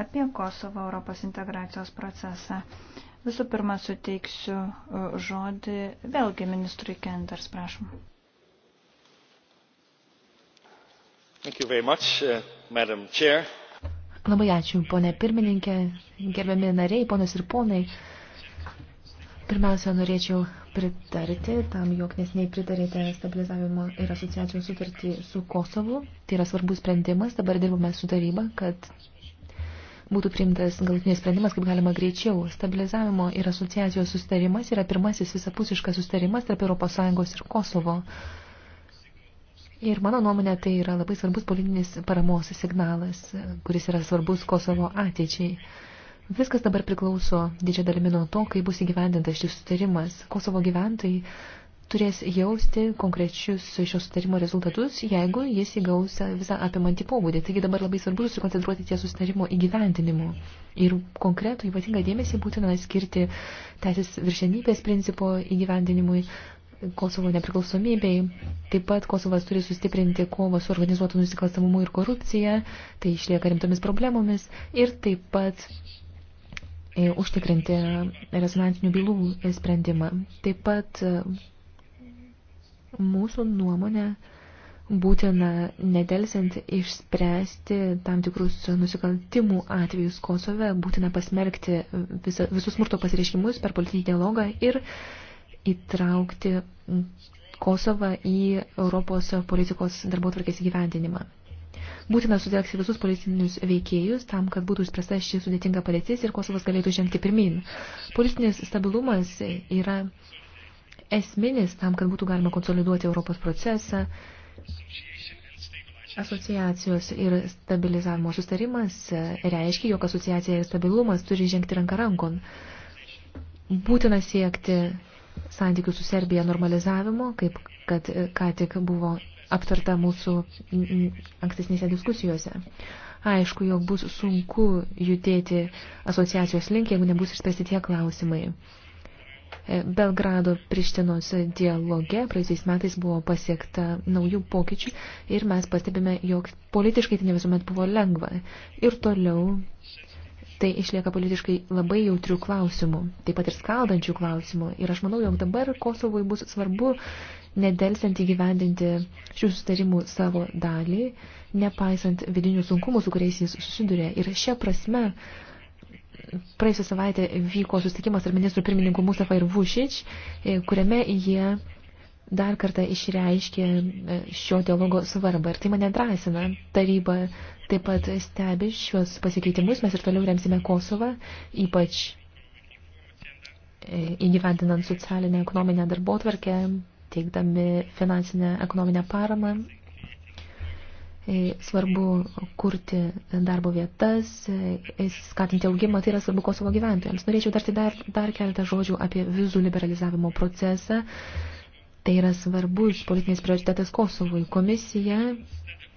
apie Kosovo Europos integracijos procesą. Visų pirma, suteiksiu e, žodį vėlgi ministrui Kenders, prašom. Much, uh, Labai ačiū, ponė pirmininkė, gerbiami nariai, ponas ir ponai. Pirmiausia, norėčiau pritarti tam, jog nesiniai pritarėte stabilizavimo ir asociacijos sutartį su Kosovu. Tai yra svarbus sprendimas. Dabar dirbame su taryba, kad būtų priimtas galutinis sprendimas kaip galima greičiau. Stabilizavimo ir asociacijos sustarimas yra pirmasis visapusiškas sustarimas tarp ES ir Kosovo. Ir mano nuomonė tai yra labai svarbus politinis paramos signalas, kuris yra svarbus Kosovo ateičiai. Viskas dabar priklauso didžia dalimi nuo to, kaip bus įgyvendintas šis sustarimas. Kosovo gyventojai turės jausti konkrečius šio sutarimo rezultatus, jeigu jis įgaus visą apimantį pobūdį. Taigi dabar labai svarbu susikoncentruoti ties sutarimo įgyventinimu. Ir konkretų ypatingą dėmesį būtina skirti teisės viršenybės principo įgyvendinimui, Kosovo nepriklausomybei. Taip pat Kosovas turi sustiprinti kovą su organizuotu nusikalstamumu ir korupcija, tai išlieka rimtomis problemomis ir taip pat e, užtikrinti rezonansinių bylų sprendimą. Taip pat e, Mūsų nuomonė būtina nedelsiant išspręsti tam tikrus nusikaltimų atvejus Kosove, būtina pasmerkti visa, visus smurto pasireiškimus per politinį dialogą ir įtraukti Kosovą į Europos politikos darbotvarkės įgyvendinimą. Būtina sutelkti visus politinius veikėjus tam, kad būtų išspręsta ši sudėtinga padėtis ir Kosovas galėtų žengti pirmin. Politinis stabilumas yra esminis tam, kad būtų galima konsoliduoti Europos procesą. Asociacijos ir stabilizavimo sustarimas e, reiškia, jog asociacija ir stabilumas turi žengti ranką rankon. Būtina siekti santykių su Serbija normalizavimo, kaip kad e, ką tik buvo aptarta mūsų ankstesnėse diskusijose. Aišku, jog bus sunku judėti asociacijos link, jeigu nebus išspręsti tie klausimai. Belgrado Prištinos dialoge praeisiais metais buvo pasiekta naujų pokyčių ir mes pastebime, jog politiškai tai ne visuomet buvo lengva. Ir toliau tai išlieka politiškai labai jautrių klausimų, taip pat ir skaldančių klausimų. Ir aš manau, jog dabar Kosovui bus svarbu nedelsiant įgyvendinti šių sustarimų savo dalį, nepaisant vidinių sunkumų, su kuriais jis susiduria. Ir šia prasme uh, praėjusią savaitę vyko susitikimas tarp ministrų pirmininkų Mustafa ir Vušič, e, kuriame jie dar kartą išreiškė e, šio dialogo svarbą. Ir tai mane drąsina. Taryba taip pat stebi šios pasikeitimus. Mes ir toliau remsime Kosovą, ypač e, įgyvendinant socialinę ekonominę darbotvarkę, teikdami finansinę ekonominę paramą E, svarbu kurti darbo vietas, e, e, skatinti augimą, tai yra svarbu Kosovo gyventojams. Norėčiau tarti dar, dar keletą žodžių apie vizų liberalizavimo procesą. Tai yra svarbus politinis prioritetas Kosovui. Komisija,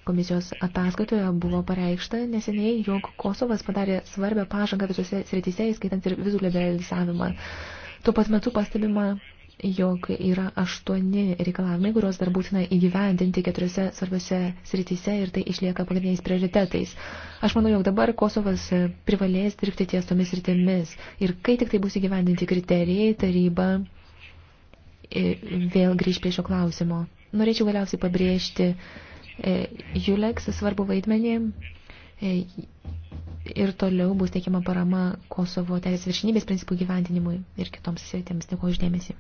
komisijos ataskaitoje buvo pareikšta neseniai, jog Kosovas padarė svarbę pažangą visose srityse, įskaitant ir vizų liberalizavimą. Tuo pat metu pastebima jog yra aštuoni reikalavimai, kuriuos dar būtina įgyvendinti keturiose svarbiose srityse ir tai išlieka pagrindiniais prioritetais. Aš manau, jog dabar Kosovas privalės dirbti ties tomis rytėmis ir kai tik tai bus įgyvendinti kriterijai, taryba e, vėl grįž prie šio klausimo. Norėčiau galiausiai pabrėžti e, Juleks svarbu vaidmenį e, ir toliau bus teikiama parama Kosovo teisės viršinybės principų gyventinimui ir kitoms sritėms. Dėkuoju uždėmesi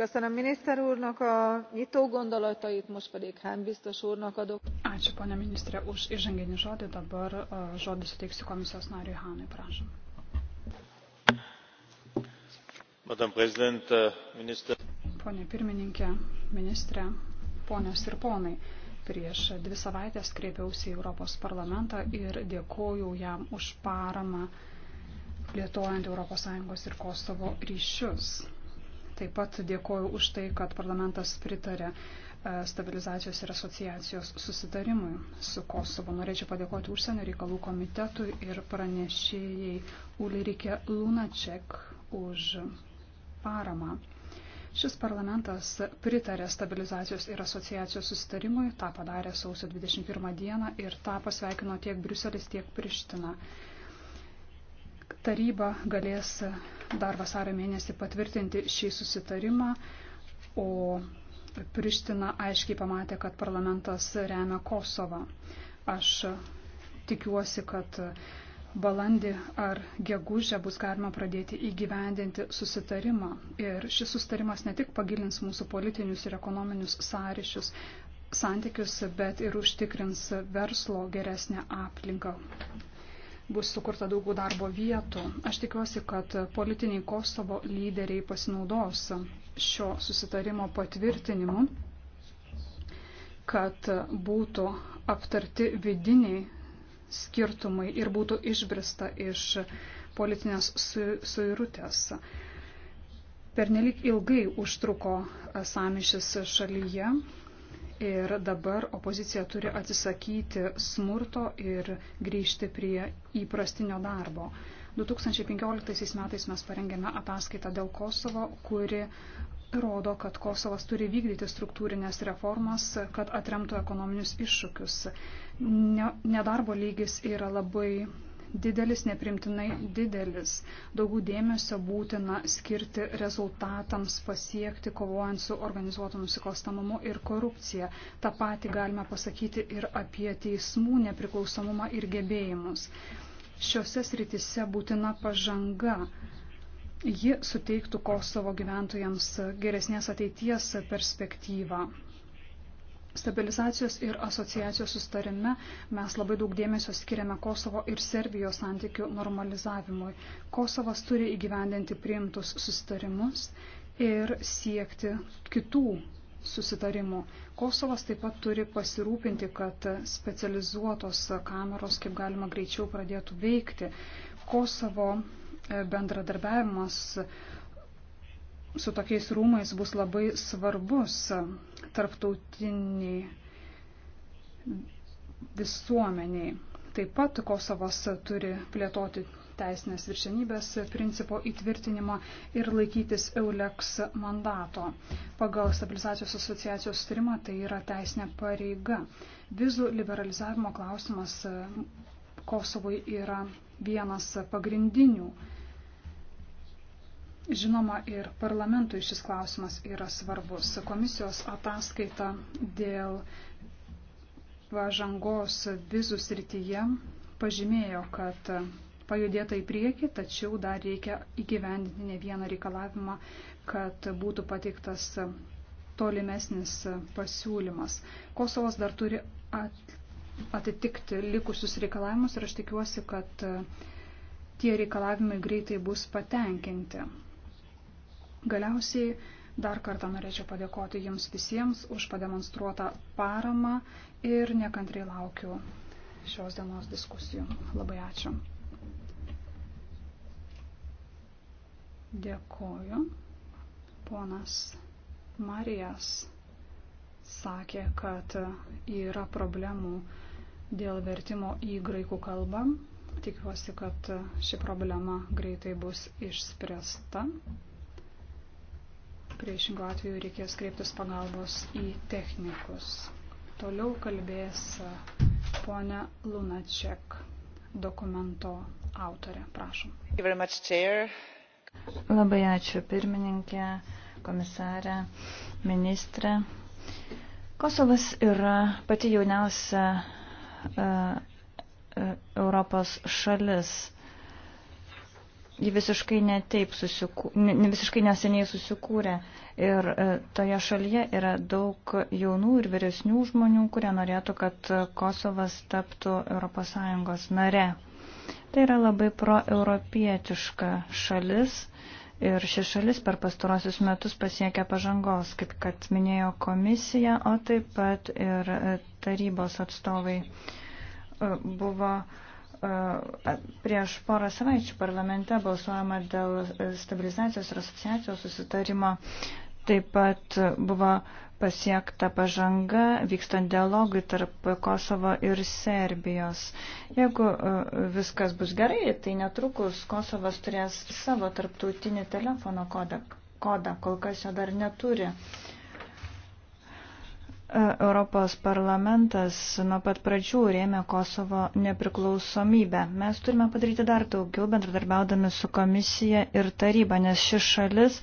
köszönöm miniszter úrnak a nyitó gondolatait most pedig hahn biztos úrnak adok. ačiū pone ministre už įžanginį žodį dabar žodį suteiksiu komisijos nariui hanui prašom. pone pirmininke ministre ponios ir ponai prieš dvi savaites kreipiausi į europos parlamentą ir dėkojau jam už paramą plėtojant europos sąjungos ir kosovo ryšius Taip pat dėkoju už tai, kad parlamentas pritarė e, stabilizacijos ir asociacijos susitarimui su Kosovo. Norėčiau padėkoti užsienio reikalų komitetui ir pranešėjai Ulrike Lunaček už paramą. Šis parlamentas pritarė stabilizacijos ir asociacijos susitarimui, tą padarė sausio 21 dieną ir tą pasveikino tiek Briuselis, tiek Priština. Taryba galės dar vasario mėnesį patvirtinti šį susitarimą, o Priština aiškiai pamatė, kad parlamentas remia Kosovą. Aš tikiuosi, kad balandį ar gegužę bus galima pradėti įgyvendinti susitarimą. Ir šis susitarimas ne tik pagilins mūsų politinius ir ekonominius sąryšius, santykius, bet ir užtikrins verslo geresnę aplinką, bus sukurta daugiau darbo vietų. Aš tikiuosi, kad politiniai Kosovo lyderiai pasinaudos šio susitarimo patvirtinimu, kad būtų aptarti vidiniai skirtumai ir būtų išbrista iš politinės suirutės. Pernelik ilgai užtruko samišis šalyje Ir dabar opozicija turi atsisakyti smurto ir grįžti prie įprastinio darbo. 2015 metais mes parengėme ataskaitą dėl Kosovo, kuri rodo, kad Kosovas turi vykdyti struktūrinės reformas, kad atremtų ekonominius iššūkius. Nedarbo lygis yra labai didelis, neprimtinai didelis. Daugų dėmesio būtina skirti rezultatams pasiekti, kovojant su organizuotu nusikalstamumu ir korupcija. Ta pati galime pasakyti ir apie teismų nepriklausomumą ir gebėjimus. Šiuose sritise būtina pažanga. Ji suteiktų Kosovo gyventojams geresnės ateities perspektyvą. Stabilizacijos ir asociacijos sustarime mes labai daug dėmesio skiriame Kosovo ir Serbijos santykių normalizavimui. Kosovas turi įgyvendinti priimtus sustarimus ir siekti kitų susitarimų. Kosovas taip pat turi pasirūpinti, kad specializuotos kameros kaip galima greičiau pradėtų veikti. Kosovo e, bendradarbiavimas su tokiais rūmais bus labai svarbus tarptautiniai visuomeniai. Taip pat Kosovas turi plėtoti teisinės viršenybės principo įtvirtinimą ir laikytis EULEX mandato. Pagal stabilizacijos asociacijos sustarimą tai yra teisinė pareiga. Vizų liberalizavimo klausimas Kosovui yra vienas pagrindinių Žinoma, ir parlamentui šis klausimas yra svarbus. Komisijos ataskaita dėl pažangos vizų srityje pažymėjo, kad pajudėta į priekį, tačiau dar reikia įgyvendinti ne vieną reikalavimą, kad būtų pateiktas tolimesnis pasiūlymas. Kosovas dar turi atitikti likusius reikalavimus ir aš tikiuosi, kad tie reikalavimai greitai bus patenkinti. Galiausiai dar kartą norėčiau padėkoti Jums visiems už pademonstruotą paramą ir nekantrai laukiu šios dienos diskusijų. Labai ačiū. Dėkoju. Ponas Marijas sakė, kad yra problemų dėl vertimo į graikų kalbą. Tikiuosi, kad ši problema greitai bus išspręsta. Priešingų atveju reikės kreiptis pagalbos į technikus. Toliau kalbės e, ponia Lunaček, dokumento autorė. Prašom. Labai ačiū pirmininkė, komisarė, ministrė. Kosovas yra pati jauniausia uh, uh, Europos šalis ji visiškai netaip susikūrė, ne, visiškai neseniai susikūrė. Ir e, toje šalyje yra daug jaunų ir vyresnių žmonių, kurie norėtų, kad e, Kosovas taptų ES nare. Tai yra labai proeuropietiška šalis ir ši šalis per pastarosius metus pasiekė pažangos, kaip kad minėjo komisija, o taip pat ir e, tarybos atstovai buvo prieš porą savaičių parlamente balsuojama dėl e, stabilizacijos ir asociacijos susitarimo. Taip pat buvo pasiekta pažanga vykstant dialogui tarp Kosovo ir Serbijos. Jeigu e, viskas bus gerai, tai netrukus Kosovas turės savo tarptautinį telefono kodą. kodą. Kol kas jo dar neturi. Uh, E, Europos parlamentas nuo pat pradžių rėmė Kosovo nepriklausomybę. Mes turime padaryti dar daugiau, bendradarbiaudami su komisija ir taryba, nes ši šalis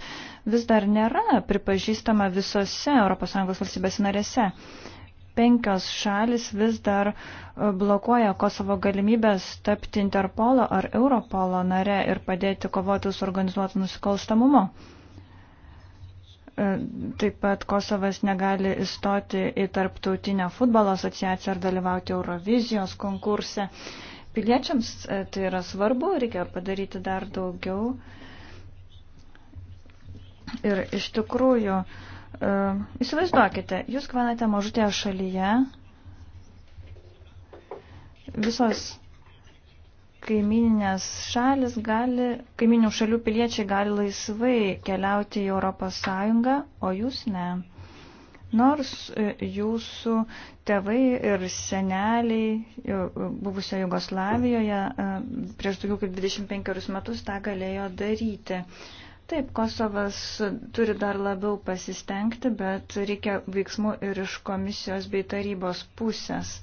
vis dar nėra pripažįstama visose ES valstybės narėse. Penkios šalis vis dar e, blokuoja Kosovo galimybės tapti Interpolo ar Europolo nare ir padėti kovoti su organizuotu nusikalstamumu. E, taip pat Kosovas negali įstoti į Tarptautinę futbolo asociaciją ar dalyvauti Eurovizijos konkurse. Piliečiams e, tai yra svarbu, reikia padaryti dar daugiau. Ir iš tikrųjų, e, įsivaizduokite, jūs gyvenate mažutėje šalyje, visos kaimininės šalis gali, kaiminių šalių piliečiai gali laisvai keliauti į Europos Sąjungą, o jūs ne. Nors e, jūsų tėvai ir seneliai e, buvusio Jugoslavijoje e, prieš daugiau kaip 25 metus tą galėjo daryti. Taip, Kosovas turi dar labiau pasistengti, bet reikia veiksmų ir iš komisijos bei tarybos pusės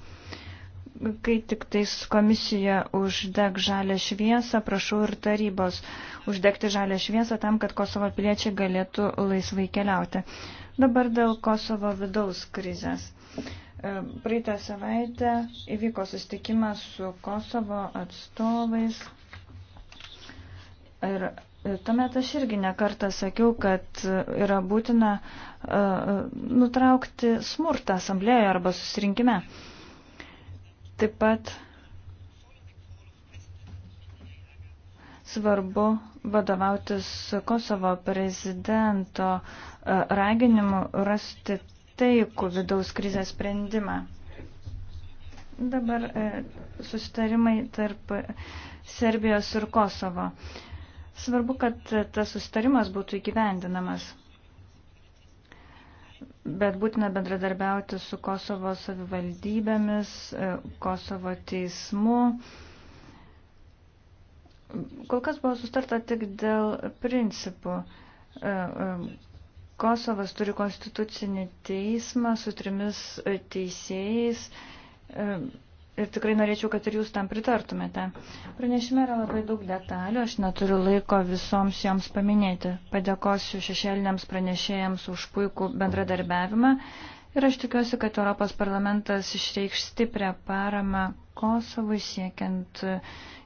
kai tik tais komisija uždeg žalę šviesą, prašau ir tarybos uždegti žalę šviesą tam, kad Kosovo piliečiai galėtų laisvai keliauti. Dabar dėl Kosovo vidaus krizės. E, praeitą savaitę įvyko susitikimas su Kosovo atstovais. Ir e, tuomet aš irgi nekartą sakiau, kad yra būtina e, nutraukti smurtą asamblėje arba susirinkime. Taip pat svarbu vadovautis Kosovo prezidento e, raginimu rasti taikų vidaus krizės sprendimą. Dabar e, susitarimai tarp Serbijos ir Kosovo. Svarbu, kad tas susitarimas būtų įgyvendinamas bet būtina bendradarbiauti su Kosovo savivaldybėmis, e, Kosovo teismu. Kol kas buvo sustarta tik dėl principų. E, e, Kosovas turi konstitucinį teismą su trimis teisėjais. Ir tikrai norėčiau, kad ir jūs tam pritartumėte. Pranešime yra labai daug detalių, aš neturiu laiko visoms joms paminėti. Padėkosiu šešėliniams pranešėjams už puikų bendradarbiavimą ir aš tikiuosi, kad Europos parlamentas išreikš stiprią paramą Kosovui siekiant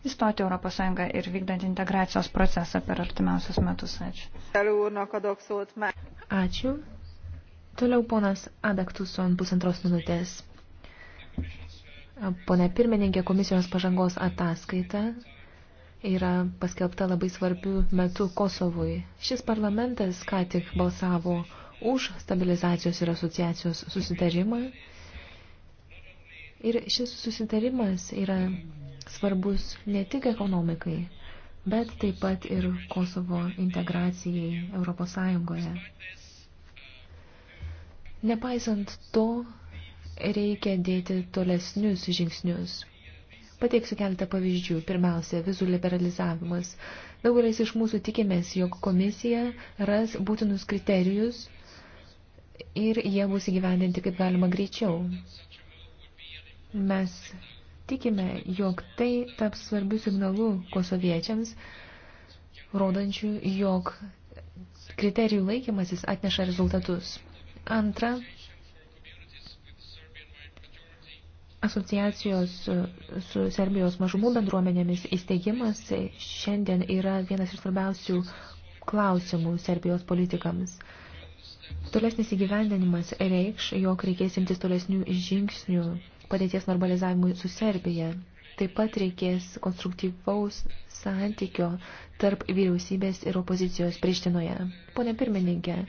įstoti Europos Sąjungą ir vykdant integracijos procesą per artimiausius metus. Ačiū. Ačiū. Toliau ponas Adaktus on pusantros minutės. Pone pirmininkė, komisijos pažangos ataskaita yra paskelbta labai svarbių metų Kosovui. Šis parlamentas ką tik balsavo už stabilizacijos ir asociacijos susitarimą. Ir šis susitarimas yra svarbus ne tik ekonomikai, bet taip pat ir Kosovo integracijai Europos Sąjungoje. Nepaisant to, reikia dėti tolesnius žingsnius. Pateiksiu keletą pavyzdžių. Pirmiausia, vizų liberalizavimas. Daugelis iš mūsų tikimės, jog komisija ras būtinus kriterijus ir jie bus įgyvendinti kaip galima greičiau. Mes tikime, jog tai taps svarbių signalų kosoviečiams, rodančių, jog kriterijų laikymasis atneša rezultatus. Antra, Asociacijos e, su Serbijos mažumų bendruomenėmis įsteigimas šiandien yra vienas iš svarbiausių klausimų Serbijos politikams. Tolesnis įgyvendinimas reikš, jog reikės imtis tolesnių žingsnių padėties normalizavimui su Serbija. Taip pat reikės konstruktyvaus santykio tarp vyriausybės ir opozicijos Prištinoje. Pone pirmininkė,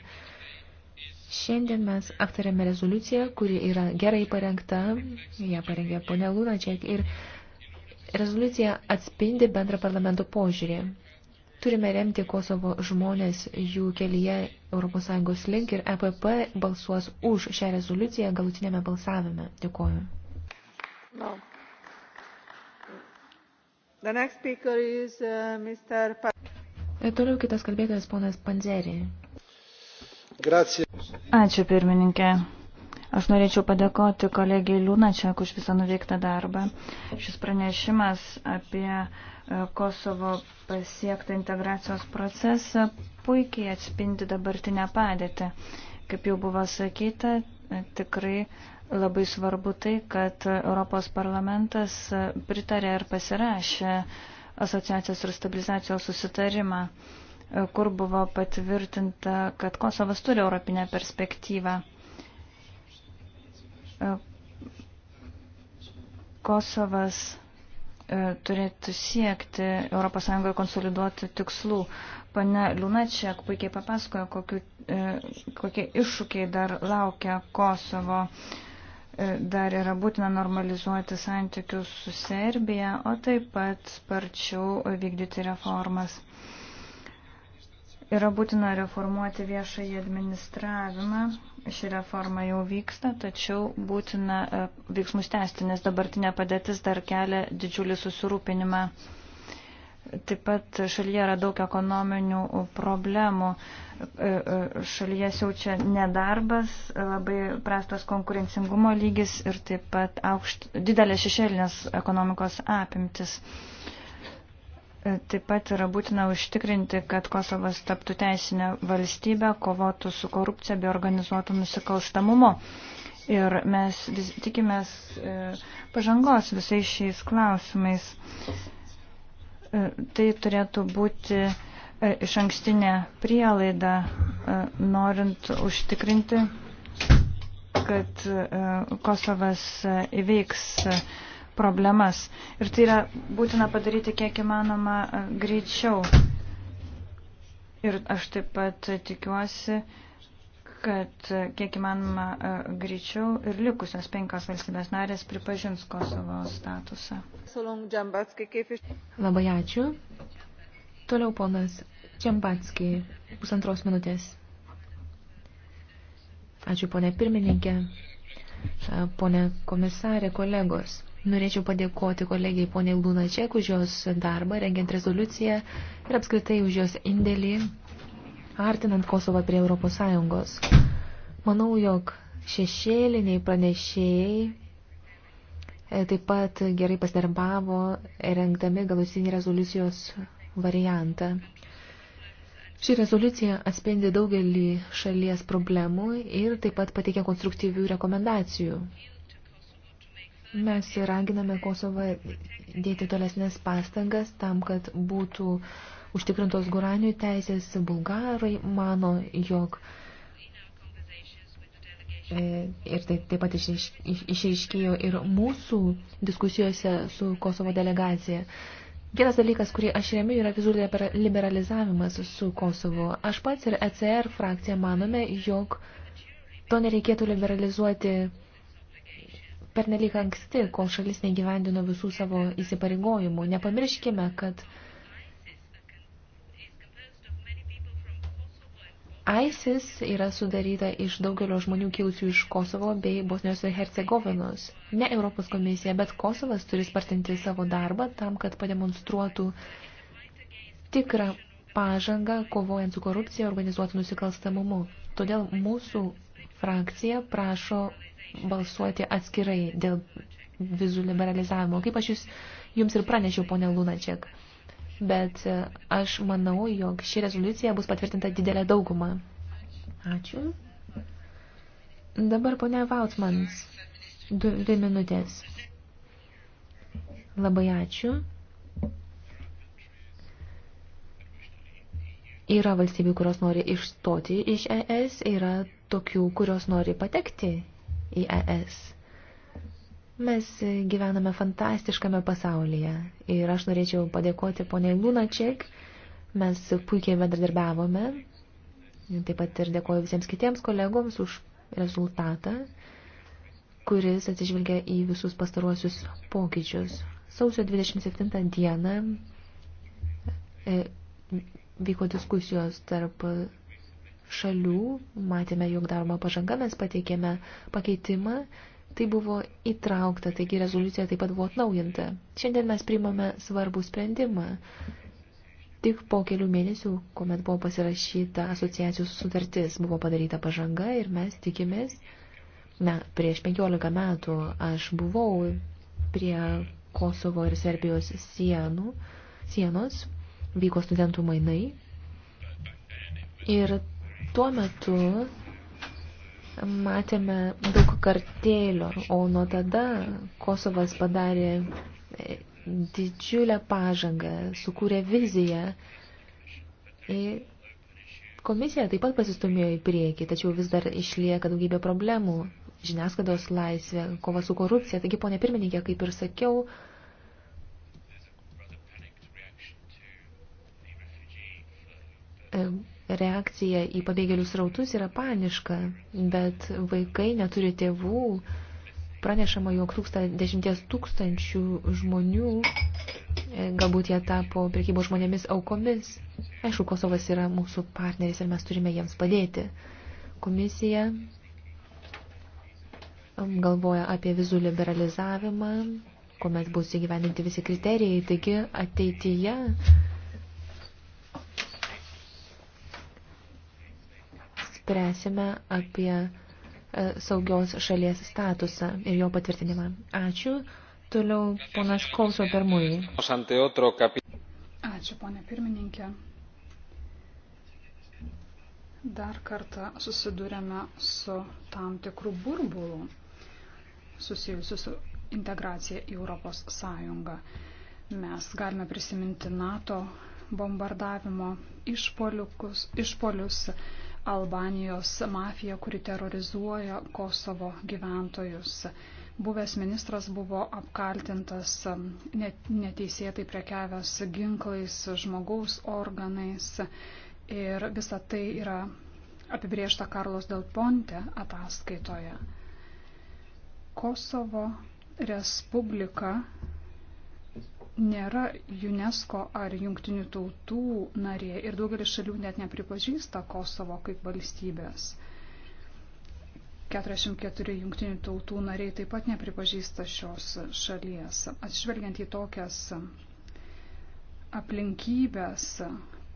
Šiandien mes aptarėme rezoliuciją, kuri yra gerai parengta, ją parengė ponia Lunačiak ir rezoliucija atspindi bendrą parlamento požiūrį. Turime remti Kosovo žmonės jų kelyje ES link ir EPP balsuos už šią rezoliuciją galutinėme balsavime. Dėkuoju. No. The next speaker is uh, Mr. Pa e, Toliau kitas kalbėtojas ponas Panzeri. Grazie. Ačiū pirmininkė. Aš norėčiau padėkoti kolegijai Liūnačiak už visą nuveiktą darbą. Šis pranešimas apie e, Kosovo pasiektą integracijos procesą puikiai atspindi dabartinę padėtį. Kaip jau buvo sakyta, tikrai labai svarbu tai, kad Europos parlamentas pritarė ir pasirašė asociacijos ir stabilizacijos susitarimą kur buvo patvirtinta, kad Kosovas turi europinę perspektyvą. E, Kosovas e, turėtų siekti ES konsoliduoti tikslų. Pane Liunačiak puikiai papasakojo, kokiu, e, kokie iššūkiai dar laukia Kosovo. Dar yra būtina normalizuoti santykius su Serbija, o taip pat sparčiau vykdyti reformas. Yra būtina reformuoti viešąjį administravimą. Ši reforma jau vyksta, tačiau būtina e, veiksmus tęsti, nes dabartinė padėtis dar kelia didžiulį susirūpinimą. Taip pat šalyje yra daug ekonominių problemų. E, e, šalyje siaučia nedarbas, labai prastas konkurencingumo lygis ir taip pat aukšt, didelės šešėlinės ekonomikos apimtis. E, taip pat yra būtina užtikrinti, kad Kosovas taptų teisinę valstybę, kovotų su korupcija bei organizuotų nusikalstamumu. Ir mes vis, tikimės e, pažangos visais šiais klausimais. E, tai turėtų būti e, iš ankstinė prielaida, e, norint užtikrinti, kad e, Kosovas e, įveiks. E, problemas. Ir tai yra būtina padaryti kiek įmanoma e, greičiau. Ir aš taip pat tikiuosi, kad e, kiek įmanoma e, greičiau ir likusios penkios valstybės narės pripažins Kosovo statusą. Labai ačiū. Toliau ponas Čembatski, pusantros minutės. Ačiū ponė pirmininkė, ponė komisarė, kolegos. Norėčiau padėkoti kolegijai poniai Lunačiek už jos darbą, rengiant rezoliuciją ir apskritai už jos indėlį, artinant Kosovą prie Europos Sąjungos. Manau, jog šešėliniai pranešėjai e, taip pat gerai pasidarbavo, rengdami galusinį rezoliucijos variantą. Ši rezoliucija atspindi daugelį šalies problemų ir taip pat pateikia konstruktyvių rekomendacijų. Mes raginame Kosovą dėti tolesnės pastangas tam, kad būtų užtikrintos guranių teisės. Bulgarai mano, jog e, ir tai taip pat išaiškėjo ir mūsų diskusijose su Kosovo delegacija. Vienas dalykas, kurį aš remiu, yra vizų liberalizavimas su Kosovu. Aš pats ir ECR frakcija manome, jog to nereikėtų liberalizuoti pernelyg anksti, kol šalis negyvendino visų savo įsipareigojimų. Nepamirškime, kad ISIS yra sudaryta iš daugelio žmonių kilusių iš Kosovo bei Bosnijos ir Hercegovinos. Ne Europos komisija, bet Kosovas turi spartinti savo darbą tam, kad pademonstruotų tikrą pažangą kovojant su korupcija organizuotų nusikalstamumu. Todėl mūsų frakcija prašo balsuoti atskirai dėl vizų liberalizavimo, kaip aš jūs, jums ir pranešiau, ponė Lunačiak. Bet e, aš manau, jog ši rezoliucija bus patvirtinta didelė dauguma. Ačiū. Dabar ponė Vautmans. Du, dvi minutės. Labai ačiū. Yra valstybių, kurios nori išstoti iš ES, yra tokių, kurios nori patekti į ES. Mes gyvename fantastiškame pasaulyje ir aš norėčiau padėkoti poniai Lunaček. Mes puikiai bendradarbiavome. Taip pat ir dėkoju visiems kitiems kolegoms už rezultatą, kuris atsižvelgia į visus pastaruosius pokyčius. Sausio 27 dieną e, vyko diskusijos tarp šalių, matėme, jog daroma pažanga, mes pateikėme pakeitimą, tai buvo įtraukta, taigi rezoliucija taip pat buvo atnaujinta. Šiandien mes priimame svarbų sprendimą. Tik po kelių mėnesių, kuomet buvo pasirašyta asociacijų sutartis, buvo padaryta pažanga ir mes tikimės, na, prieš 15 metų aš buvau prie Kosovo ir Serbijos sienų, sienos, vyko studentų mainai ir Tuo metu matėme daug kartėlio, o nuo tada Kosovas padarė e, didžiulę pažangą, sukūrė viziją. Ir e, komisija taip pat pasistumėjo į priekį, tačiau vis dar išlieka daugybė problemų. Žiniasklaidos laisvė, kova su korupcija. Taigi, ponė pirmininkė, kaip ir sakiau, e, reakcija į pabėgėlių srautus yra paniška, bet vaikai neturi tėvų. Pranešama, jog tūksta, dešimties tūkstančių žmonių, e, galbūt jie tapo prekybo žmonėmis aukomis. Aišku, Kosovas yra mūsų partneris ir mes turime jiems padėti. Komisija galvoja apie vizų liberalizavimą, kuomet bus įgyveninti visi kriterijai, taigi ateityje spręsime apie e, saugios šalies statusą ir jo patvirtinimą. Ačiū. Toliau ponas Kolso pirmųjų. Ačiū, ponė pirmininkė. Dar kartą susidurėme su tam tikrų burbulų susijusiu su integracija į Europos Sąjungą. Mes galime prisiminti NATO bombardavimo išpolius, išpolius Albanijos mafija, kuri terrorizuoja Kosovo gyventojus. Buvęs ministras buvo apkaltintas neteisėtai prekiavęs ginklais, žmogaus organais ir visa tai yra apibriešta Karlos Del Ponte ataskaitoje. Kosovo Respublika nėra UNESCO ar jungtinių tautų narė ir daugelis šalių net nepripažįsta Kosovo kaip valstybės. 44 jungtinių tautų nariai taip pat nepripažįsta šios šalies. Atsižvelgiant į tokias aplinkybės,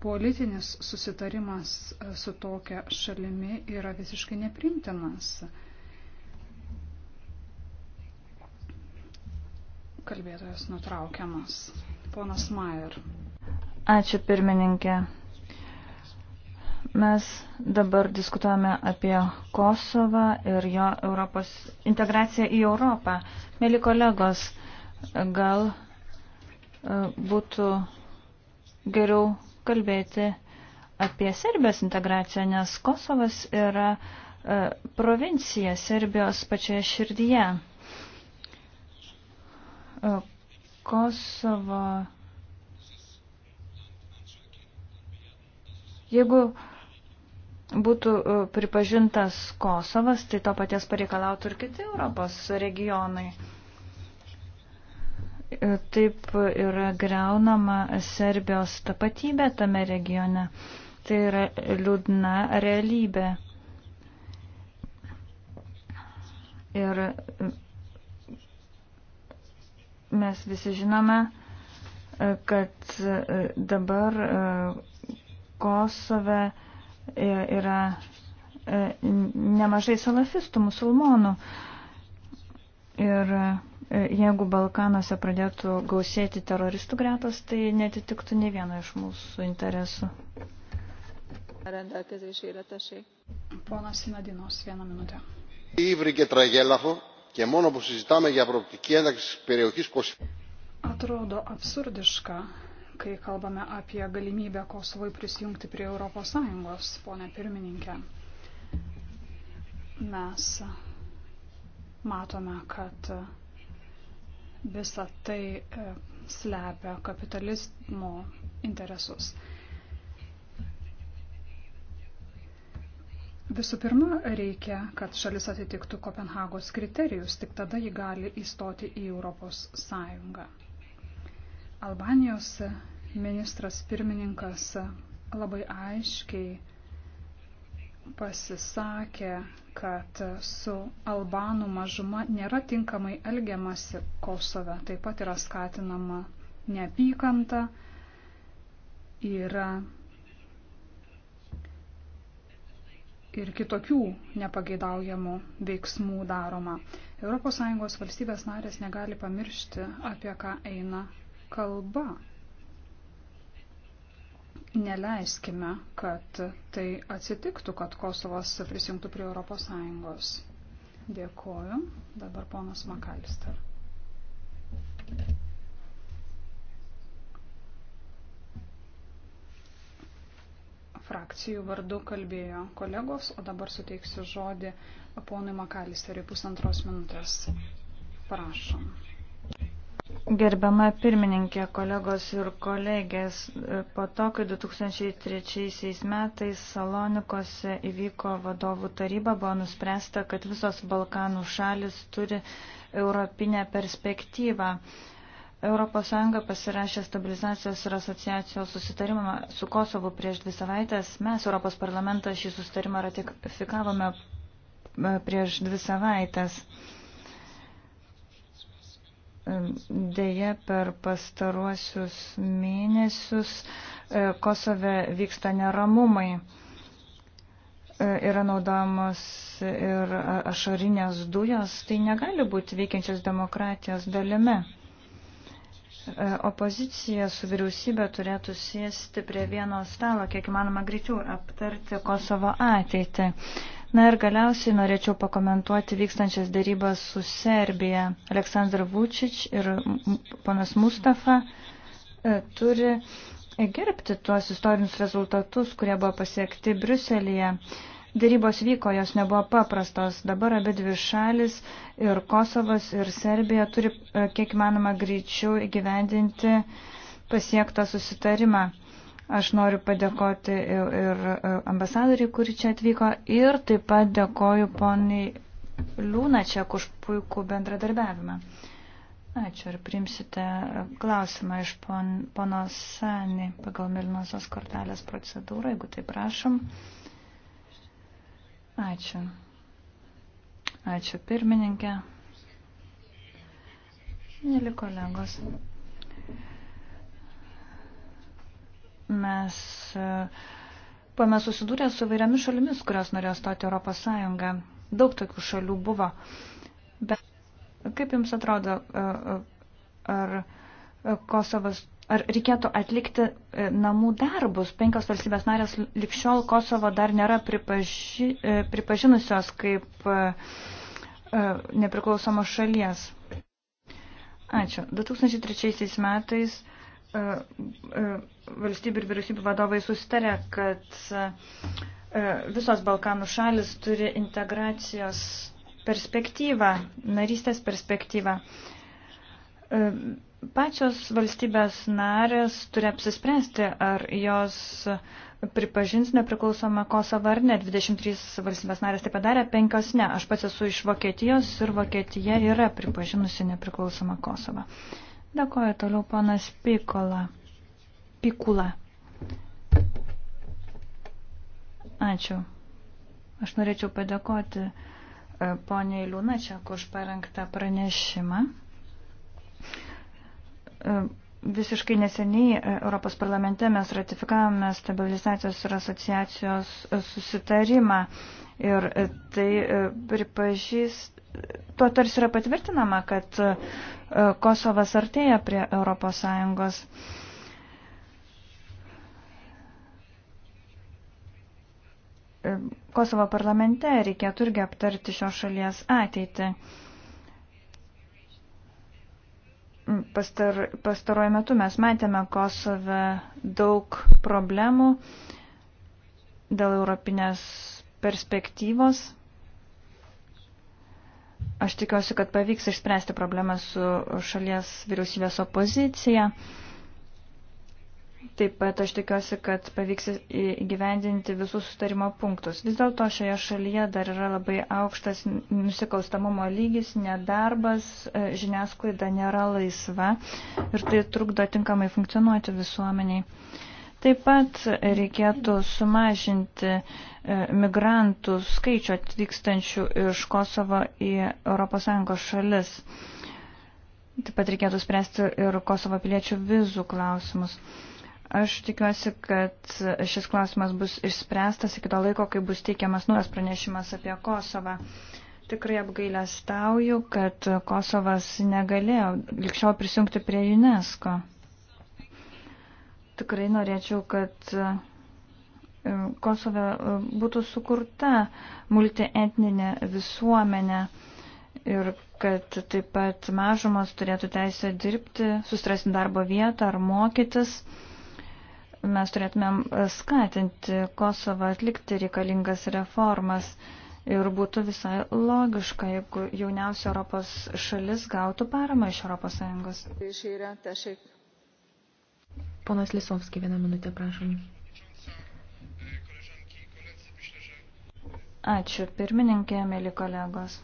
politinis susitarimas su tokia šalimi yra visiškai neprimtinas. Kalbėtojas nutraukiamas. Ponas Maier. Ačiū pirmininkė. Mes dabar diskutuojame apie Kosovą ir jo Europos integraciją į Europą. Mėly kolegos, gal e, būtų geriau kalbėti apie Serbijos integraciją, nes Kosovas yra e, provincija Serbijos pačioje širdyje. E, Kosovo. Jeigu būtų e, pripažintas Kosovas, tai to paties pareikalautų ir kiti Europos regionai. E, taip yra greunama Serbijos tapatybė tame regione. Tai yra liūdna realybė. Ir Mes visi žinome, e, kad e, dabar e, Kosove yra nemažai salafistų, musulmonų. Ir jeigu Balkanuose pradėtų gausėti teroristų gretas, tai netitiktų ne vieno iš mūsų interesų. Ponas Sinadinos, vieną minutę. Įvrikė tragelafų και μόνο που συζητάμε για προοπτική ένταξη της περιοχής Κωσυφοπαίδου. Atrodo absurdiška, kai kalbame apie galimybę Kosovui prisijungti prie ES, ponė pirmininkė. Mes matome, kad visa tai e, slepia kapitalizmo interesus. Visų pirma, reikia, kad šalis atitiktų Kopenhagos kriterijus, tik tada ji gali įstoti į Europos Sąjungą. Albanijos ministras pirmininkas labai aiškiai pasisakė, kad su albanų mažuma nėra tinkamai elgiamasi Kosove. Taip pat yra skatinama neapykanta, yra ir kitokių nepageidaujamų veiksmų daroma. ES valstybės narės negali pamiršti, apie ką eina kalba. Neleiskime, kad tai atsitiktų, kad Kosovas prisijungtų prie ES. Dėkoju. Dabar ponas Makalister. Thank you. frakcijų vardu kalbėjo kolegos, o dabar suteiksiu žodį ponui Makalisteriui pusantros minutės. Prašom. Gerbiama pirmininkė, kolegos ir kolegės, po to, kai 2003 metais Salonikose įvyko vadovų taryba, buvo nuspręsta, kad visos Balkanų šalis turi europinę perspektyvą. ES pasirašė stabilizacijos ir asociacijos susitarimą su Kosovu prieš dvi savaitės. Mes, Europos parlamentas, šį susitarimą ratifikavome e, prieš dvi savaitės. Deja, per pastaruosius mėnesius e, Kosove vyksta neramumai. E, yra naudojamos ir ašarinės dujos, tai negali būti veikiančios demokratijos dalimi. E, opozicija su vyriausybė turėtų sėsti prie vieno stalo, kiek įmanoma greičiau, aptarti Kosovo ateitį. Na ir galiausiai norėčiau pakomentuoti vykstančias dėrybas su Serbija. Aleksandr Vučič ir ponas Mustafa e, turi gerbti tuos istorinius rezultatus, kurie buvo pasiekti Briuselėje. Dėrybos vyko, jos nebuvo paprastos. Dabar abi dvi šalis ir Kosovas ir Serbija turi e, kiek manoma greičiau įgyvendinti pasiektą susitarimą. Aš noriu padėkoti ir e, ambasadoriai, kuri čia atvyko, ir taip pat dėkoju poniai Liūnačiak už puikų bendradarbiavimą. Ačiū, ar primsite klausimą iš pon, pono Sani pagal Milinosios kortelės procedūrą, jeigu tai prašom. Ačiū. Ačiū pirmininkė. Mėly kolegos. Mes e, buvome susidūrę su vairiomis šalimis, kurios norėjo stoti Europos Sąjungą. Daug tokių šalių buvo. Bet kaip jums atrodo, e, e, ar Kosovas Ar reikėtų atlikti e, namų darbus? Penkios valstybės narės likščiol Kosovo dar nėra pripaži, e, pripažinusios kaip e, nepriklausomos šalies. Ačiū. 2003 metais valstybių ir vyriausybių vadovai sustarė, kad visos Balkanų šalis turi integracijos perspektyvą, narystės perspektyvą Pačios valstybės narės turi apsispręsti, ar jos pripažins nepriklausomą Kosovą ar ne. 23 valstybės narės tai padarė, 5 ne. Aš pats esu iš Vokietijos ir Vokietija yra pripažinusi nepriklausomą Kosovą. Dėkoju toliau panas Pikola. Pikula. Ačiū. Aš norėčiau padėkoti e, poniai Liūnačiak už parengtą pranešimą. Visiškai neseniai e, Europos parlamente mes ratifikavome stabilizacijos ir asociacijos e, susitarimą ir e, tai pripažįst, tuo tarsi yra patvirtinama, kad Kosovas artėja prie Europos Sąjungos. Kosovo parlamente reikėtų irgi aptarti šios šalies ateitį. Pastar, pastaruoju metu mes matėme Kosove daug problemų dėl europinės perspektyvos. Aš tikiuosi, kad pavyks išspręsti problemą su šalies vyriausybės opozicija. Uh, Taip pat aš tikiuosi, kad pavyks įgyvendinti visus sustarimo punktus. Vis dėlto šioje šalyje dar yra labai aukštas nusikalstamumo lygis, nedarbas, e, žiniasklaida nėra laisva ir tai trukdo tinkamai funkcionuoti visuomeniai. Taip pat reikėtų sumažinti e, migrantų skaičių atvykstančių iš Kosovo į ES šalis. Taip pat reikėtų spręsti ir Kosovo piliečių vizų klausimus. Aš tikiuosi, kad šis klausimas bus išspręstas iki to laiko, kai bus teikiamas nuojas pranešimas apie Kosovą. Tikrai apgailestauju, kad Kosovas negalėjo likščiau prisijungti prie UNESCO. Tikrai norėčiau, kad e, Kosove e, būtų sukurta multietninė visuomenė ir kad taip pat mažumos turėtų teisę dirbti, sustrasti darbo vietą ar mokytis mes turėtumėm e, skatinti Kosovą atlikti reikalingas reformas. Ir būtų visai logiška, jeigu jauniausia Europos šalis gautų paramą iš Europos Sąjungos. Ponas Lisovski, vieną minutę, prašom. Ačiū, pirmininkė, mėly kolegos.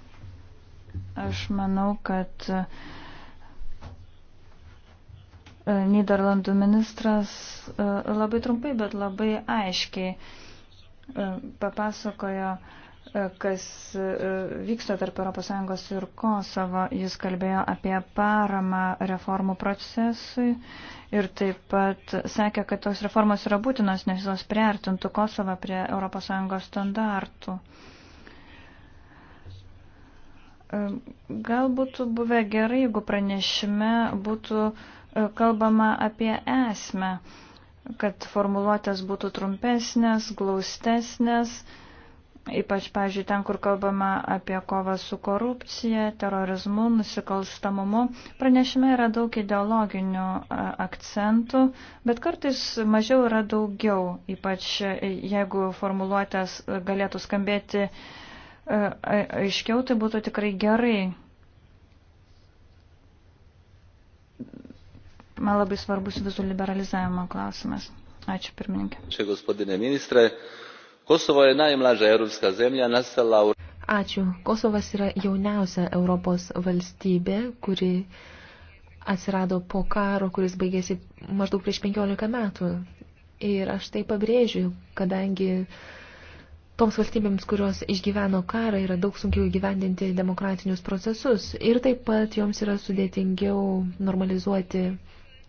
Aš manau, kad uh, E, Niderlandų ministras e, labai trumpai, bet labai aiškiai e, papasakojo, kas vyksta tarp ES ir Kosovo. Jis kalbėjo apie paramą reformų procesui ir taip pat sakė, kad tos reformos yra būtinos, nes jos priartintų Kosovą prie ES standartų. Gal būtų buvę gerai, jeigu pranešime būtų uh, E, kalbama apie esmę, kad formuluotės būtų trumpesnės, glaustesnės, ypač, pažiūrėjau, ten, kur kalbama apie kovą su korupcija, terorizmu, nusikalstamumu. Pranešime yra daug ideologinių e, akcentų, bet kartais mažiau yra daugiau, ypač e, jeigu formuluotės galėtų skambėti aiškiau, tai būtų tikrai gerai Man labai svarbus vizų liberalizavimo klausimas. Ačiū pirmininkė. Čia, gospodinė ministrė, Kosovo je najmlaža europska zemlja nastala u... Ačiū. Kosovas yra jauniausia Europos valstybė, kuri atsirado po karo, kuris baigėsi maždaug prieš 15 metų. Ir aš tai pabrėžiu, kadangi toms valstybėms, kurios išgyveno karą, yra daug sunkiau įgyvendinti demokratinius procesus ir taip pat joms yra sudėtingiau normalizuoti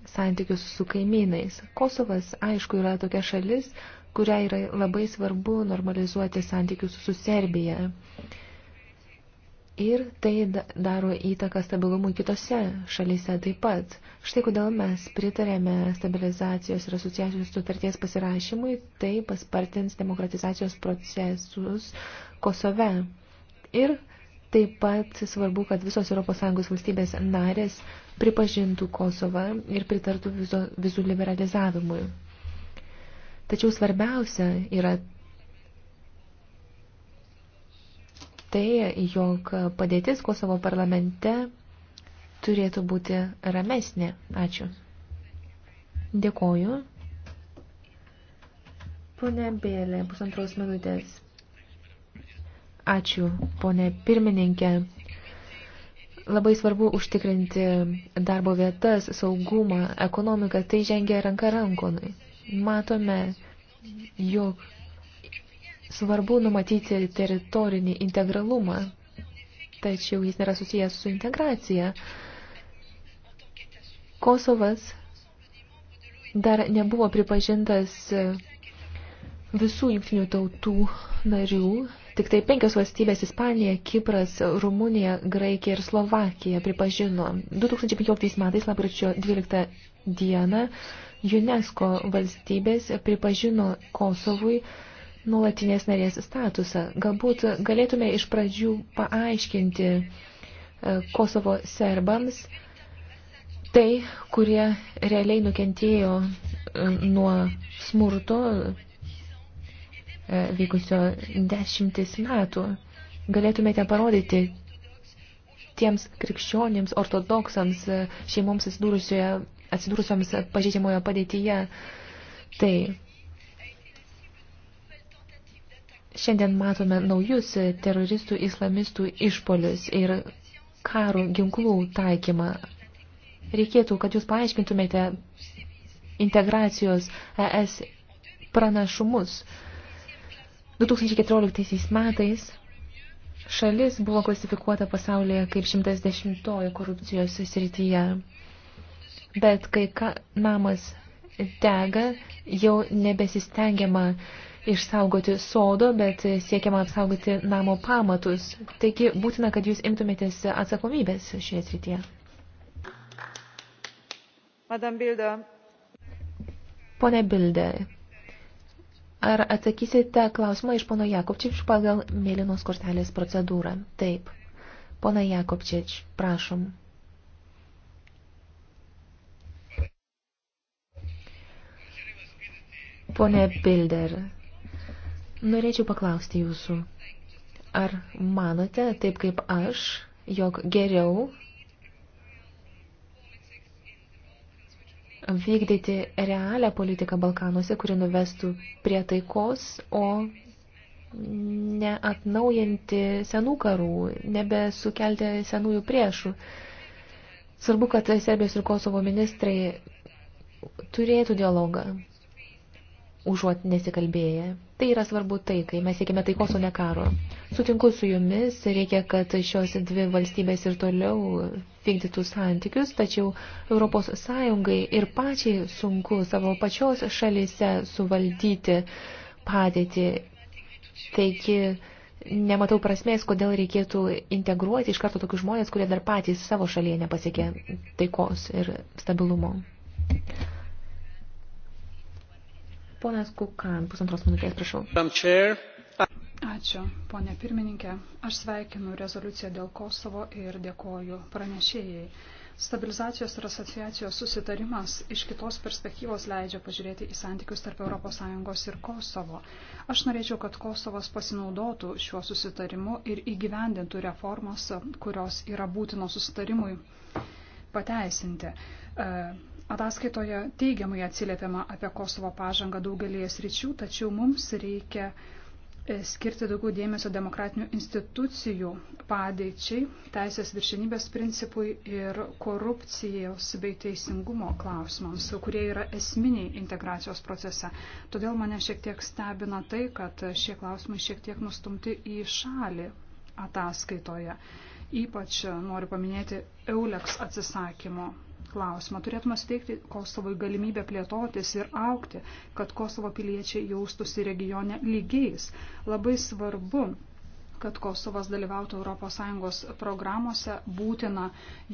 santykius su kaimynais. Kosovas, aišku, yra tokia šalis, kuria yra labai svarbu normalizuoti santykius su Serbija. Ir tai daro įtaką stabilumui kitose šalyse taip pat. Štai kodėl mes pritarėme stabilizacijos ir asociacijos sutarties pasirašymui, tai paspartins demokratizacijos procesus Kosove. Ir Taip pat svarbu, kad visos ES valstybės narės pripažintų Kosovą ir pritartų vizo, vizų liberalizavimui. Tačiau svarbiausia yra tai, jog padėtis Kosovo parlamente turėtų būti ramesnė. Ačiū. Dėkoju. Pone Bėlė, pusantros minutės. Ačiū, ponė pirmininkė. Labai svarbu užtikrinti darbo vietas, saugumą, ekonomiką. Tai žengia ranka rankon. Matome, jog svarbu numatyti teritorinį integralumą, tačiau jis nėra susijęs su integracija. Kosovas dar nebuvo pripažintas visų jungtinių tautų narių Tik tai penkios valstybės – Ispanija, Kipras, Rumunija, Graikija ir Slovakija – pripažino 2015 metais, labračio 12 dieną, UNESCO valstybės pripažino Kosovui nuolatinės narės statusą. Galbūt galėtume iš pradžių paaiškinti e, Kosovo serbams tai, kurie realiai nukentėjo e, nuo smurto E, vykusio dešimtis metų. Galėtumėte parodyti tiems krikščionėms, ortodoksams, e, šeimoms atsidūrusioms pažeidžiamoje padėtyje. Tai šiandien matome naujus teroristų, islamistų išpolius ir karų ginklų taikymą. Reikėtų, kad jūs paaiškintumėte integracijos ES pranašumus. 2014 metais šalis buvo klasifikuota pasaulyje kaip 110 korupcijos srityje. Bet kai ka, namas dega, jau nebesistengiama išsaugoti sodo, bet siekiama apsaugoti namo pamatus. Taigi būtina, kad jūs imtumėtės atsakomybės šioje srityje. Madam Bilda. Pone Bilde, Ar atsakysite klausimą iš pono Jakobčič pagal mėlynos kortelės procedūrą? Taip. Pona Jakobčič, prašom. Pone Bilder, norėčiau paklausti jūsų, ar manote, taip kaip aš, jog geriau vykdyti realią politiką Balkanuose, kuri nuvestų prie taikos, o neatnaujinti senų karų, nebesukelti senųjų priešų. Svarbu, kad Serbijos ir Kosovo ministrai turėtų dialogą, užuot nesikalbėję. Tai yra svarbu taikai, mes siekime taikos, o ne karo. Sutinku su jumis, reikia, kad šios dvi valstybės ir toliau vykdytų santykius, tačiau Europos Sąjungai ir pačiai sunku savo pačios šalyse suvaldyti padėtį. Taigi, nematau prasmės, kodėl reikėtų integruoti iš karto tokius žmonės, kurie dar patys savo šalyje nepasiekė taikos ir stabilumo. Ponas Kukan, pusantros minutės, prašau. Ačiū, ponė pirmininkė. Aš sveikinu rezoliuciją dėl Kosovo ir dėkoju pranešėjai. Stabilizacijos ir asociacijos susitarimas iš kitos perspektyvos leidžia pažiūrėti į santykius tarp ES ir Kosovo. Aš norėčiau, kad Kosovas pasinaudotų šiuo susitarimu ir įgyvendintų reformas, kurios yra būtino susitarimui pateisinti. E, Ataskaitoje teigiamai atsiliepiama apie Kosovo pažangą daugelėje sričių, tačiau mums reikia e, skirti daugiau dėmesio demokratinių institucijų padėčiai, teisės viršinybės principui ir korupcijos bei teisingumo klausimams, kurie yra esminiai integracijos procese. Todėl mane šiek tiek stebina tai, kad šie klausimai šiek tiek nustumti į šalį ataskaitoje. Ypač noriu paminėti Euleks atsisakymo klausimą. Turėtume suteikti Kosovui galimybę plėtotis ir aukti, kad Kosovo piliečiai jaustųsi regione lygiais. Labai svarbu kad Kosovas dalyvautų ES programuose, būtina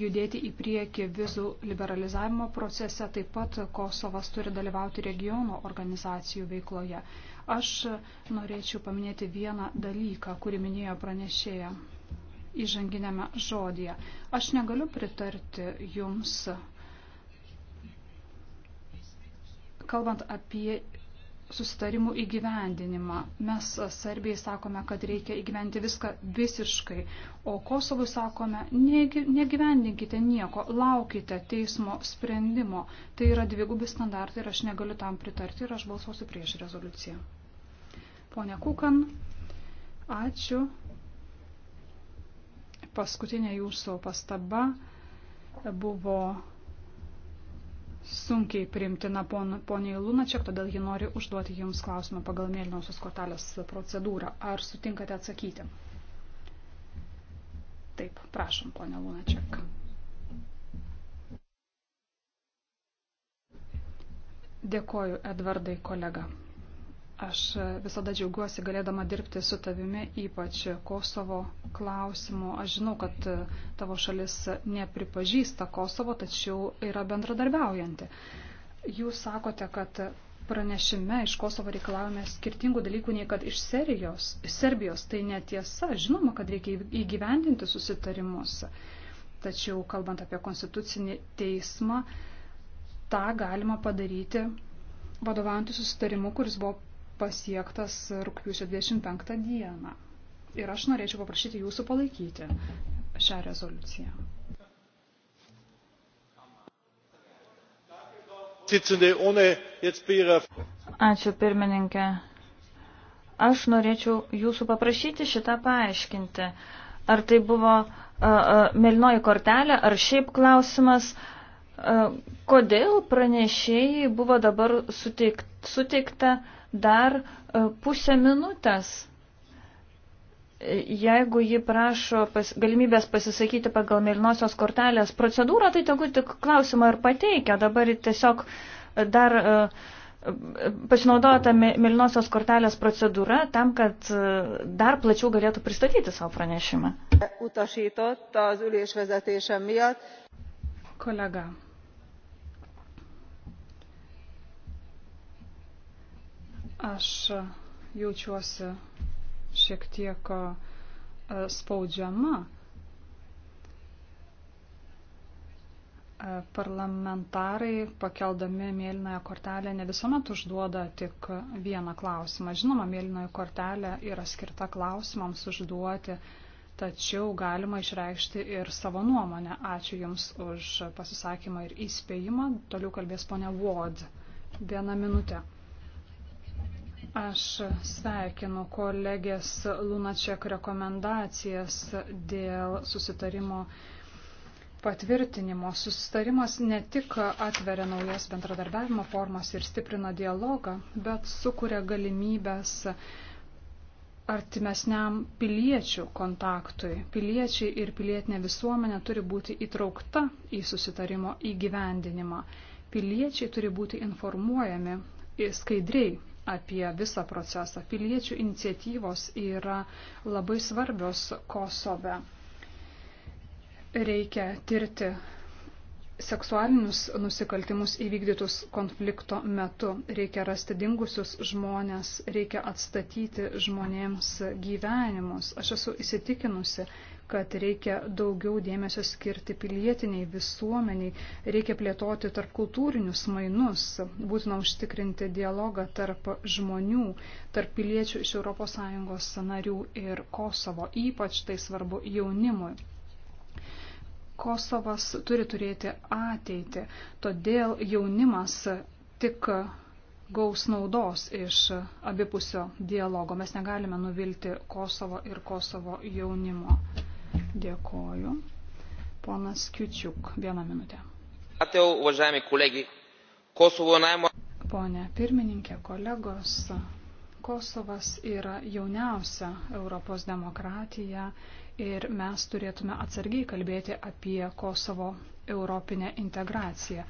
judėti į priekį vizų liberalizavimo procese, taip pat Kosovas turi dalyvauti regiono organizacijų veikloje. Aš norėčiau paminėti vieną dalyką, kurį minėjo pranešėja įžanginėme žodėje. Aš negaliu pritarti jums, kalbant apie susitarimų įgyvendinimą. Mes Serbijai sakome, kad reikia įgyventi viską visiškai, o Kosovui sakome, negyvendinkite nieko, laukite teismo sprendimo. Tai yra dvigubi standartai ir aš negaliu tam pritarti ir aš balsuosiu prieš rezoliuciją. Pone Kukan, ačiū paskutinė jūsų pastaba buvo sunkiai primtina pon, poniai Lunačiak, todėl ji nori užduoti Jums klausimą pagal mėlynosios kortelės procedūrą. Ar sutinkate atsakyti? Taip, prašom, ponia Lunačiak. Dėkoju, Edvardai, kolega. Aš visada džiaugiuosi galėdama dirbti su tavimi, ypač Kosovo klausimu. Aš žinau, kad tavo šalis nepripažįsta Kosovo, tačiau yra bendradarbiaujanti. Jūs sakote, kad pranešime iš Kosovo reikalavome skirtingų dalykų nei kad iš Serijos, Serbijos. Tai netiesa. Žinoma, kad reikia įgyvendinti susitarimus. Tačiau, kalbant apie konstitucinį teismą, tą galima padaryti vadovantis susitarimu, kuris buvo pasiektas rūpiučio 25 dieną. Ir aš norėčiau paprašyti jūsų palaikyti šią rezoliuciją. Ačiū pirmininkė. Aš norėčiau jūsų paprašyti šitą paaiškinti. Ar tai buvo uh, uh, melinoji kortelė, ar šiaip klausimas, uh, kodėl pranešėjai buvo dabar suteik, suteikta uh, dar e, pusę minutės. E, jeigu ji prašo pas, galimybės pasisakyti pagal mėlynosios kortelės procedūrą, tai tegu tik klausimą ir pateikia. Dabar tiesiog dar e, pasinaudota mėlynosios kortelės procedūra tam, kad dar plačiau galėtų pristatyti savo pranešimą. Kolega, Aš jaučiuosi šiek tiek spaudžiama parlamentarai, pakeldami mėlynąją kortelę, ne visuomet užduoda tik vieną klausimą. Žinoma, mėlynoji kortelė yra skirta klausimams užduoti, tačiau galima išreikšti ir savo nuomonę. Ačiū Jums už pasisakymą ir įspėjimą. Toliau kalbės ponia Ward. Vieną minutę. Aš sveikinu kolegės Lunačiak rekomendacijas dėl susitarimo patvirtinimo. Susitarimas ne tik atveria naujas bendradarbiavimo formas ir stiprina dialogą, bet sukuria galimybės artimesniam piliečių kontaktui. Piliečiai ir pilietinė visuomenė turi būti įtraukta į susitarimo įgyvendinimą. Piliečiai turi būti informuojami skaidriai apie visą procesą. Piliečių iniciatyvos yra labai svarbios Kosove. Reikia tirti seksualinius nusikaltimus įvykdytus konflikto metu. Reikia rasti dingusius žmonės, reikia atstatyti žmonėms gyvenimus. Aš esu įsitikinusi, kad reikia daugiau dėmesio skirti pilietiniai visuomeniai, reikia plėtoti tarp kultūrinius mainus, būtina užtikrinti dialogą tarp žmonių, tarp piliečių iš ES narių ir Kosovo, ypač tai svarbu jaunimui. Kosovas turi turėti ateitį, todėl jaunimas tik gaus naudos iš abipusio dialogo. Mes negalime nuvilti Kosovo ir Kosovo jaunimo. Dėkoju. Ponas Kiučiuk, vieną minutę. Pone pirmininkė, kolegos, Kosovas yra jauniausia Europos demokratija ir mes turėtume atsargiai kalbėti apie Kosovo europinę integraciją.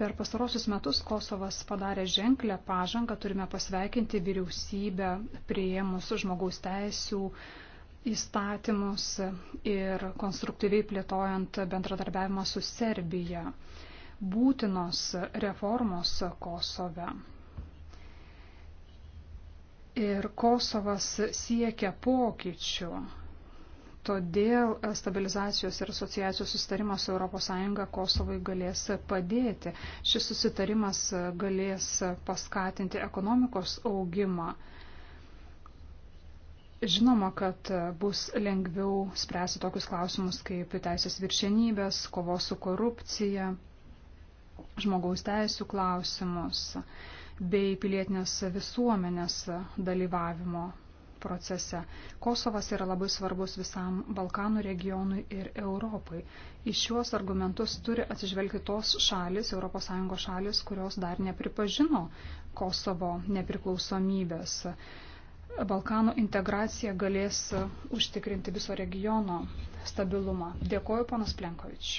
Per pastarosius metus Kosovas padarė ženklę pažangą, turime pasveikinti vyriausybę prieimus žmogaus teisų įstatymus ir konstruktyviai plėtojant bendradarbiavimą su Serbija. Būtinos reformos Kosove. Ir Kosovas siekia pokyčių. Todėl stabilizacijos ir asociacijos sustarimas su ES Kosovai galės padėti. Šis susitarimas galės paskatinti ekonomikos augimą. Žinoma, kad e, bus lengviau spręsti tokius klausimus kaip teisės viršenybės, kovos su korupcija, žmogaus teisų klausimus bei pilietinės visuomenės dalyvavimo procese. Kosovas yra labai svarbus visam Balkanų regionui ir Europai. Iš šiuos argumentus turi atsižvelgti tos šalis, ES šalis, kurios dar nepripažino Kosovo nepriklausomybės. Balkanų integracija galės e, užtikrinti viso regiono stabilumą. Dėkoju, panas Plenkovič.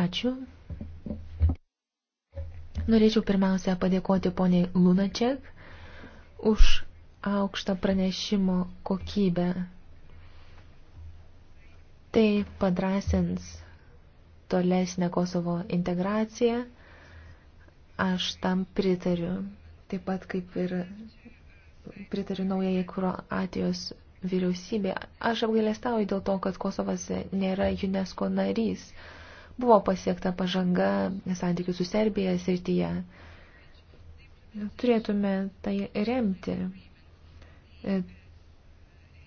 Ačiū. Norėčiau pirmiausia padėkoti poniai Lunaček už aukštą pranešimo kokybę. Tai padrasins tolesnę Kosovo integraciją. Aš tam pritariu. Taip pat kaip ir pritariu naujai Kroatijos vyriausybė. Aš apgailestauju dėl to, kad Kosovas nėra UNESCO narys. Buvo pasiekta pažanga santykių su Serbija srityje. Turėtume tai remti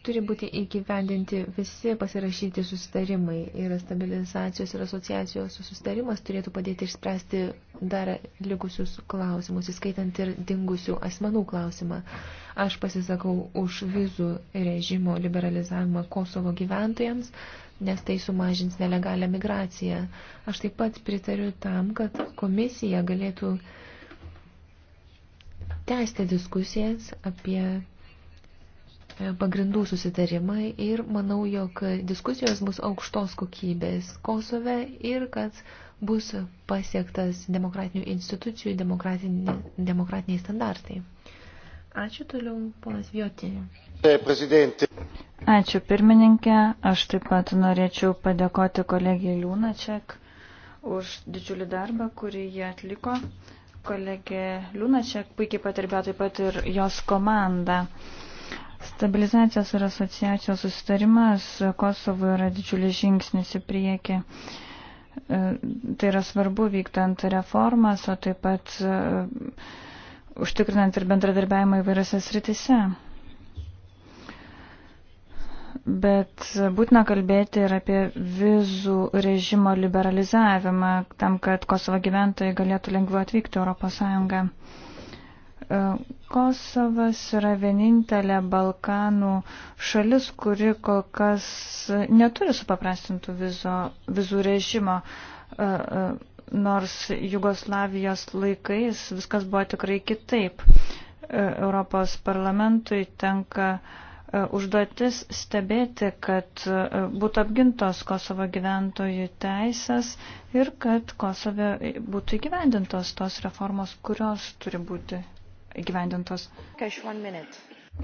turi būti įgyvendinti visi pasirašyti susitarimai ir stabilizacijos ir asociacijos susitarimas turėtų padėti išspręsti dar likusius klausimus, įskaitant ir dingusių asmenų klausimą. Aš pasisakau už vizų režimo liberalizavimą Kosovo gyventojams, nes tai sumažins nelegalią migraciją. Aš taip pat pritariu tam, kad komisija galėtų tęsti diskusijas apie pagrindų susitarimai ir manau, jog diskusijos bus aukštos kokybės Kosove ir kad bus pasiektas demokratinių institucijų demokratiniai, demokratiniai standartai. Ačiū toliau, ponas Viotinė. Ačiū pirmininkė. Aš taip pat norėčiau padėkoti kolegijai Liūnačiak už didžiulį darbą, kurį jie atliko. Kolegė Liūnačiak puikiai patirbėjo taip pat ir jos komanda. Uh, Stabilizacijos ir asociacijos susitarimas Kosovo yra didžiulis žingsnis į priekį. E, tai yra svarbu vykdant reformas, o taip pat e, užtikrinant ir bendradarbiavimą įvairiose sritise. Bet būtina kalbėti ir apie vizų režimo liberalizavimą, tam, kad Kosovo gyventojai galėtų lengviau atvykti Europos Sąjungą. E, Kosovas yra vienintelė Balkanų šalis, kuri kol kas neturi supaprastintų vizo, vizų režimo, e, e, nors Jugoslavijos laikais viskas buvo tikrai kitaip. Europos parlamentui tenka užduotis stebėti, kad būtų apgintos Kosovo gyventojų teisės ir kad Kosove būtų įgyvendintos tos reformos, kurios turi būti gyvendintos.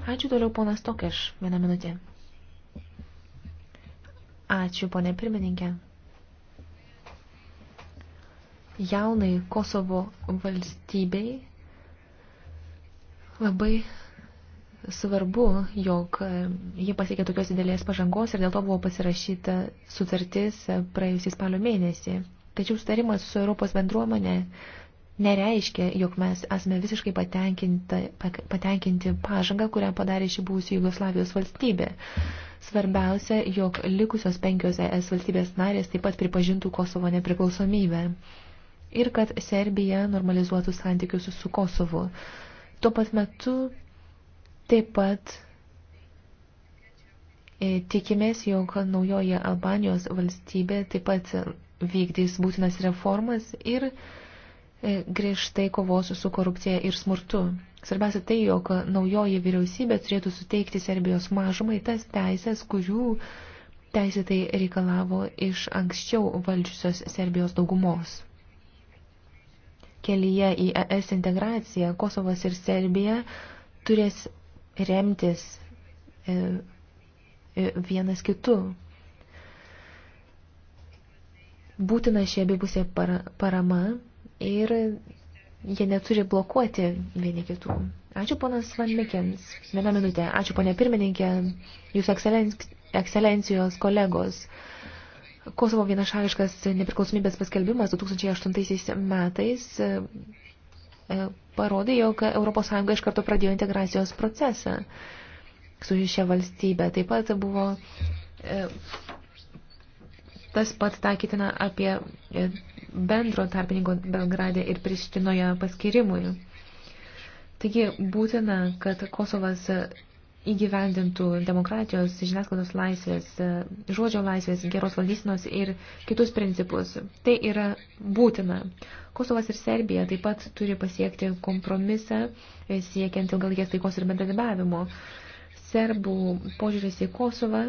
Ačiū toliau, ponas Tokeš, vieną minutę. Ačiū, ponė pirmininkė. Jaunai Kosovo valstybei labai svarbu, jog jie pasiekė tokios didelės pažangos ir dėl to buvo pasirašyta sutartis praėjusį spalio mėnesį. Tačiau sutarimas su Europos bendruomenė nereiškia, jog mes esame visiškai patenkinti, patenkinti pažangą, kurią padarė ši buvusi Jugoslavijos valstybė. Svarbiausia, jog likusios penkios ES valstybės narės taip pat pripažintų Kosovo nepriklausomybę ir kad Serbija normalizuotų santykius su Kosovu. Tuo pat metu taip pat e, Tikimės, jog naujoji Albanijos valstybė taip pat vykdys būtinas reformas ir E, griežtai kovos su korupcija ir smurtu. Svarbiausia tai, jog naujoji vyriausybė turėtų suteikti Serbijos mažumai tas teisės, kurių teisėtai reikalavo iš anksčiau valdžiusios Serbijos daugumos. Kelyje į ES integraciją Kosovas ir Serbija turės remtis e, e, vienas kitu. Būtina šie abipusė parama ir jie neturi blokuoti vieni kitų. Ačiū ponas Van Mikens. Vieną minutę. Ačiū ponė pirmininkė, jūsų ekscelencijos kolegos. Kosovo vienašališkas nepriklausomybės paskelbimas 2008 metais e, parodė, jog ES iš karto pradėjo integracijos procesą su šia valstybė. Taip pat buvo e, Tas pat taikytina apie e, bendro tarpininko Belgrade ir Prištinoje paskirimui. Taigi būtina, kad Kosovas įgyvendintų demokratijos, žiniasklaidos laisvės, e, žodžio laisvės, geros valdysinos ir kitus principus. Tai yra būtina. Kosovas ir Serbija taip pat turi pasiekti kompromisą e, siekiant ilgalaikės taikos ir bendradarbiavimo. Serbų požiūris į Kosovą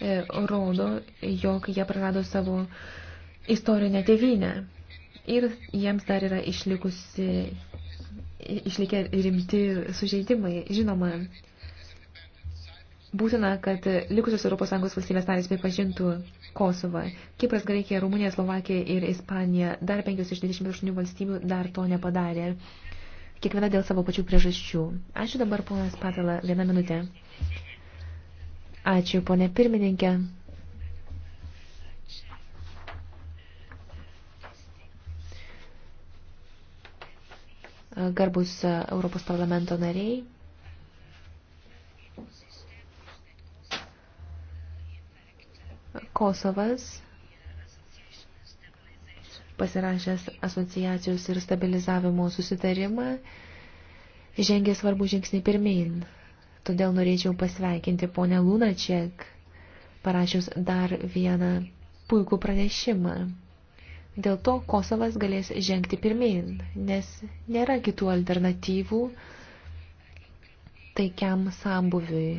E, rodo, jog jie prarado savo istorinę tėvynę. Ir jiems dar yra išlikusi, išlikę rimti sužeidimai. Žinoma, būtina, kad likusios ES valstybės narės pripažintų Kosovą. Kipras, Graikija, Rumunija, Slovakija ir Ispanija, dar 5 iš 28 valstybių dar to nepadarė. Kiekviena dėl savo pačių priežasčių. Ačiū dabar, ponas Patala, vieną minutę. Ačiū, ponė pirmininkė. Garbus Europos parlamento nariai. Kosovas pasirašęs asociacijos ir stabilizavimo susitarimą žengė svarbų žingsnį pirmin. Todėl norėčiau pasveikinti ponę Lunačiek, parašius dar vieną puikų pranešimą. Dėl to Kosovas galės žengti pirmin, nes nėra kitų alternatyvų taikiam sambuviui,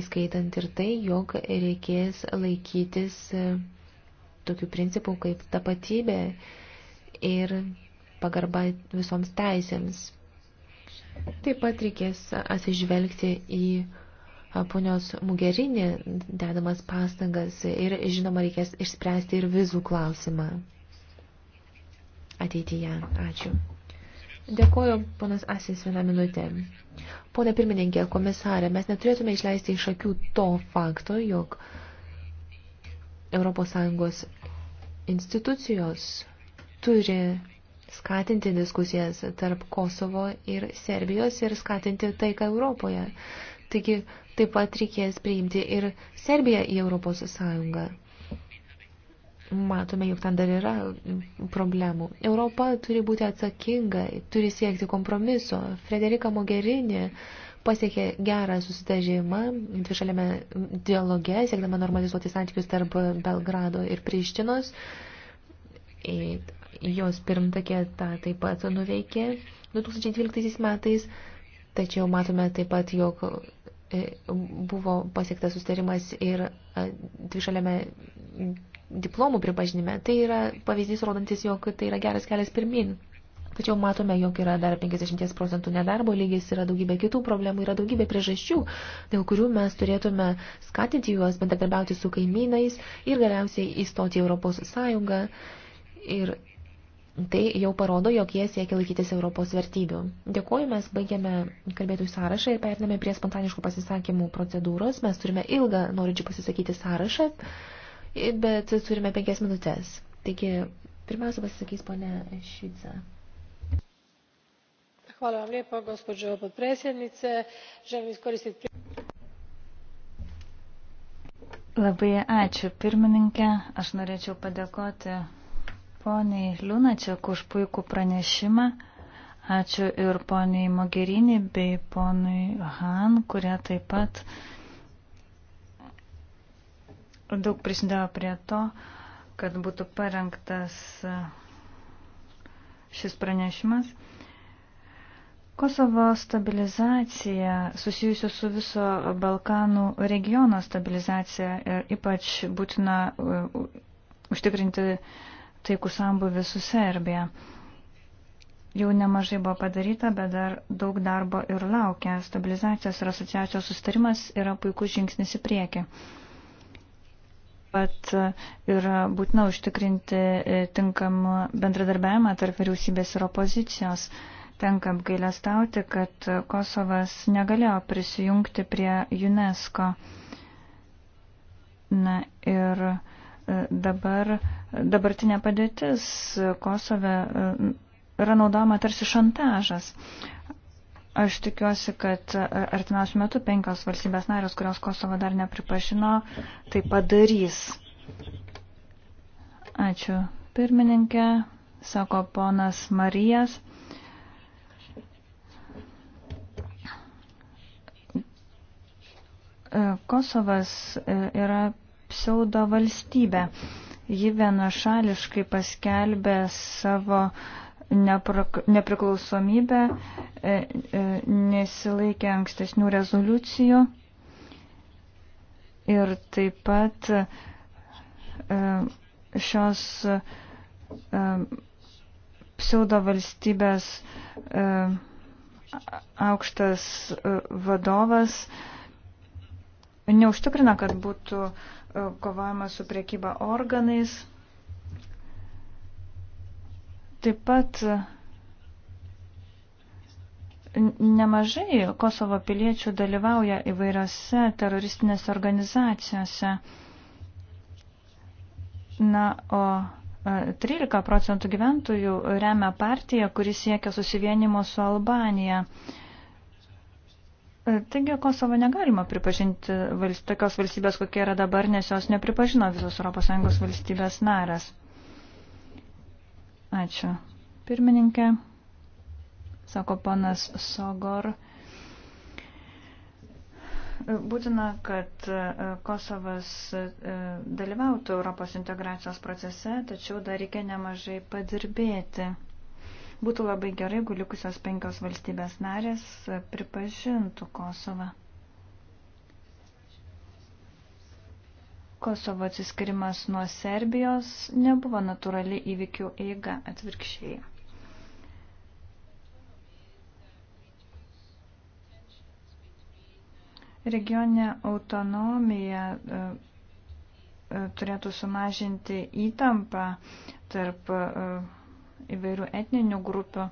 įskaitant ir tai, jog reikės laikytis e, tokių principų kaip tapatybė ir pagarba visoms teisėms. Taip pat reikės atsižvelgti į ponios Mugerinį dedamas pastangas ir, žinoma, reikės išspręsti ir vizų klausimą ateityje. Ačiū. Dėkoju, ponas Asis, vieną minutę. Pone pirmininkė, komisarė, mes neturėtume išleisti iš akių to fakto, jog ES institucijos turi skatinti diskusijas tarp Kosovo ir Serbijos ir skatinti taiką Europoje. Taigi taip pat reikės priimti ir Serbiją į Europos Sąjungą. Matome, jog ten dar yra problemų. Europa turi būti atsakinga, turi siekti kompromiso. Frederika Mogherini pasiekė gerą susitažymą dvišalėme dialoge, siekdama normalizuoti santykius tarp Belgrado ir Prištinos jos pirmtakė tą taip pat nuveikė 2012 metais, tačiau matome taip pat, jog e, buvo pasiektas sustarimas ir e, dvišaliame diplomų pripažinime. Tai yra pavyzdys rodantis, jog tai yra geras kelias pirmin. Tačiau matome, jog yra dar 50 procentų nedarbo lygis, yra daugybė kitų problemų, yra daugybė priežasčių, dėl kurių mes turėtume skatinti juos bendradarbiauti su kaimynais ir galiausiai įstoti į Europos Sąjungą. Ir Tai jau parodo, jog jie siekia laikytis Europos vertybių. Dėkuoju, mes baigėme kalbėtojų sąrašą ir periname prie spontaniškų pasisakymų procedūros. Mes turime ilgą norinčių pasisakyti sąrašą, bet turime penkias minutės. Taigi, pirmiausia pasisakys ponė Švica. Hvala vam lijepo, gospođo podpredsjednice. Želim iskoristiti... Labai ačiū, pirmininkė. Aš norėčiau padėkoti poniai Liūnačiak už puikų pranešimą. Ačiū ir poniai Mogerinį bei ponui Han, kurie taip pat daug prisidėjo prie to, kad būtų parengtas e, šis pranešimas. Kosovo stabilizacija susijusiu su viso Balkanų regiono stabilizacija ir ypač būtina e, užtikrinti uh, taikų sambuvį su Serbija. Jau nemažai buvo padaryta, bet dar daug darbo ir laukia. Stabilizacijos ir asociacijos sustarimas yra puikus žingsnis į priekį. Pat e, yra būtina užtikrinti e, tinkamą bendradarbiavimą tarp vyriausybės ir opozicijos. Tenka apgailestauti, kad Kosovas negalėjo prisijungti prie UNESCO. Na ir dabar dabartinė padėtis Kosove e, yra naudojama tarsi šantažas. Aš tikiuosi, kad artimiausių metų penkios valstybės narės, kurios Kosovo dar nepripažino, tai padarys. Ačiū pirmininkė, sako ponas Marijas. Kosovas e, yra pseudo valstybę. Ji vienašališkai paskelbė savo nepriklausomybę, e, e, nesilaikė ankstesnių rezoliucijų ir taip pat e, šios pseudo valstybės aukštas vadovas neužtikrina, kad būtų uh, kovojama su priekyba organais. Taip pat nemažai Kosovo piliečių dalyvauja įvairiose teroristinėse organizacijose. Na, o 13 e, procentų gyventojų remia partiją, kuris siekia susivienimo su Albanija. E, taigi Kosovo negalima pripažinti vals, tokios valstybės, kokia yra dabar, nes jos nepripažino visos ES valstybės narės. Ačiū. Pirmininkė, sako panas Sogor, būtina, kad e, Kosovas e, dalyvautų Europos integracijos procese, tačiau dar reikia nemažai padirbėti. Būtų labai gerai, jeigu likusios penkios valstybės narės pripažintų Kosovą. Kosovo atsiskirimas nuo Serbijos nebuvo natūrali įvykių eiga atvirkščiai. Regioninė autonomija e, e, turėtų sumažinti įtampą tarp e, įvairių etninių grupių.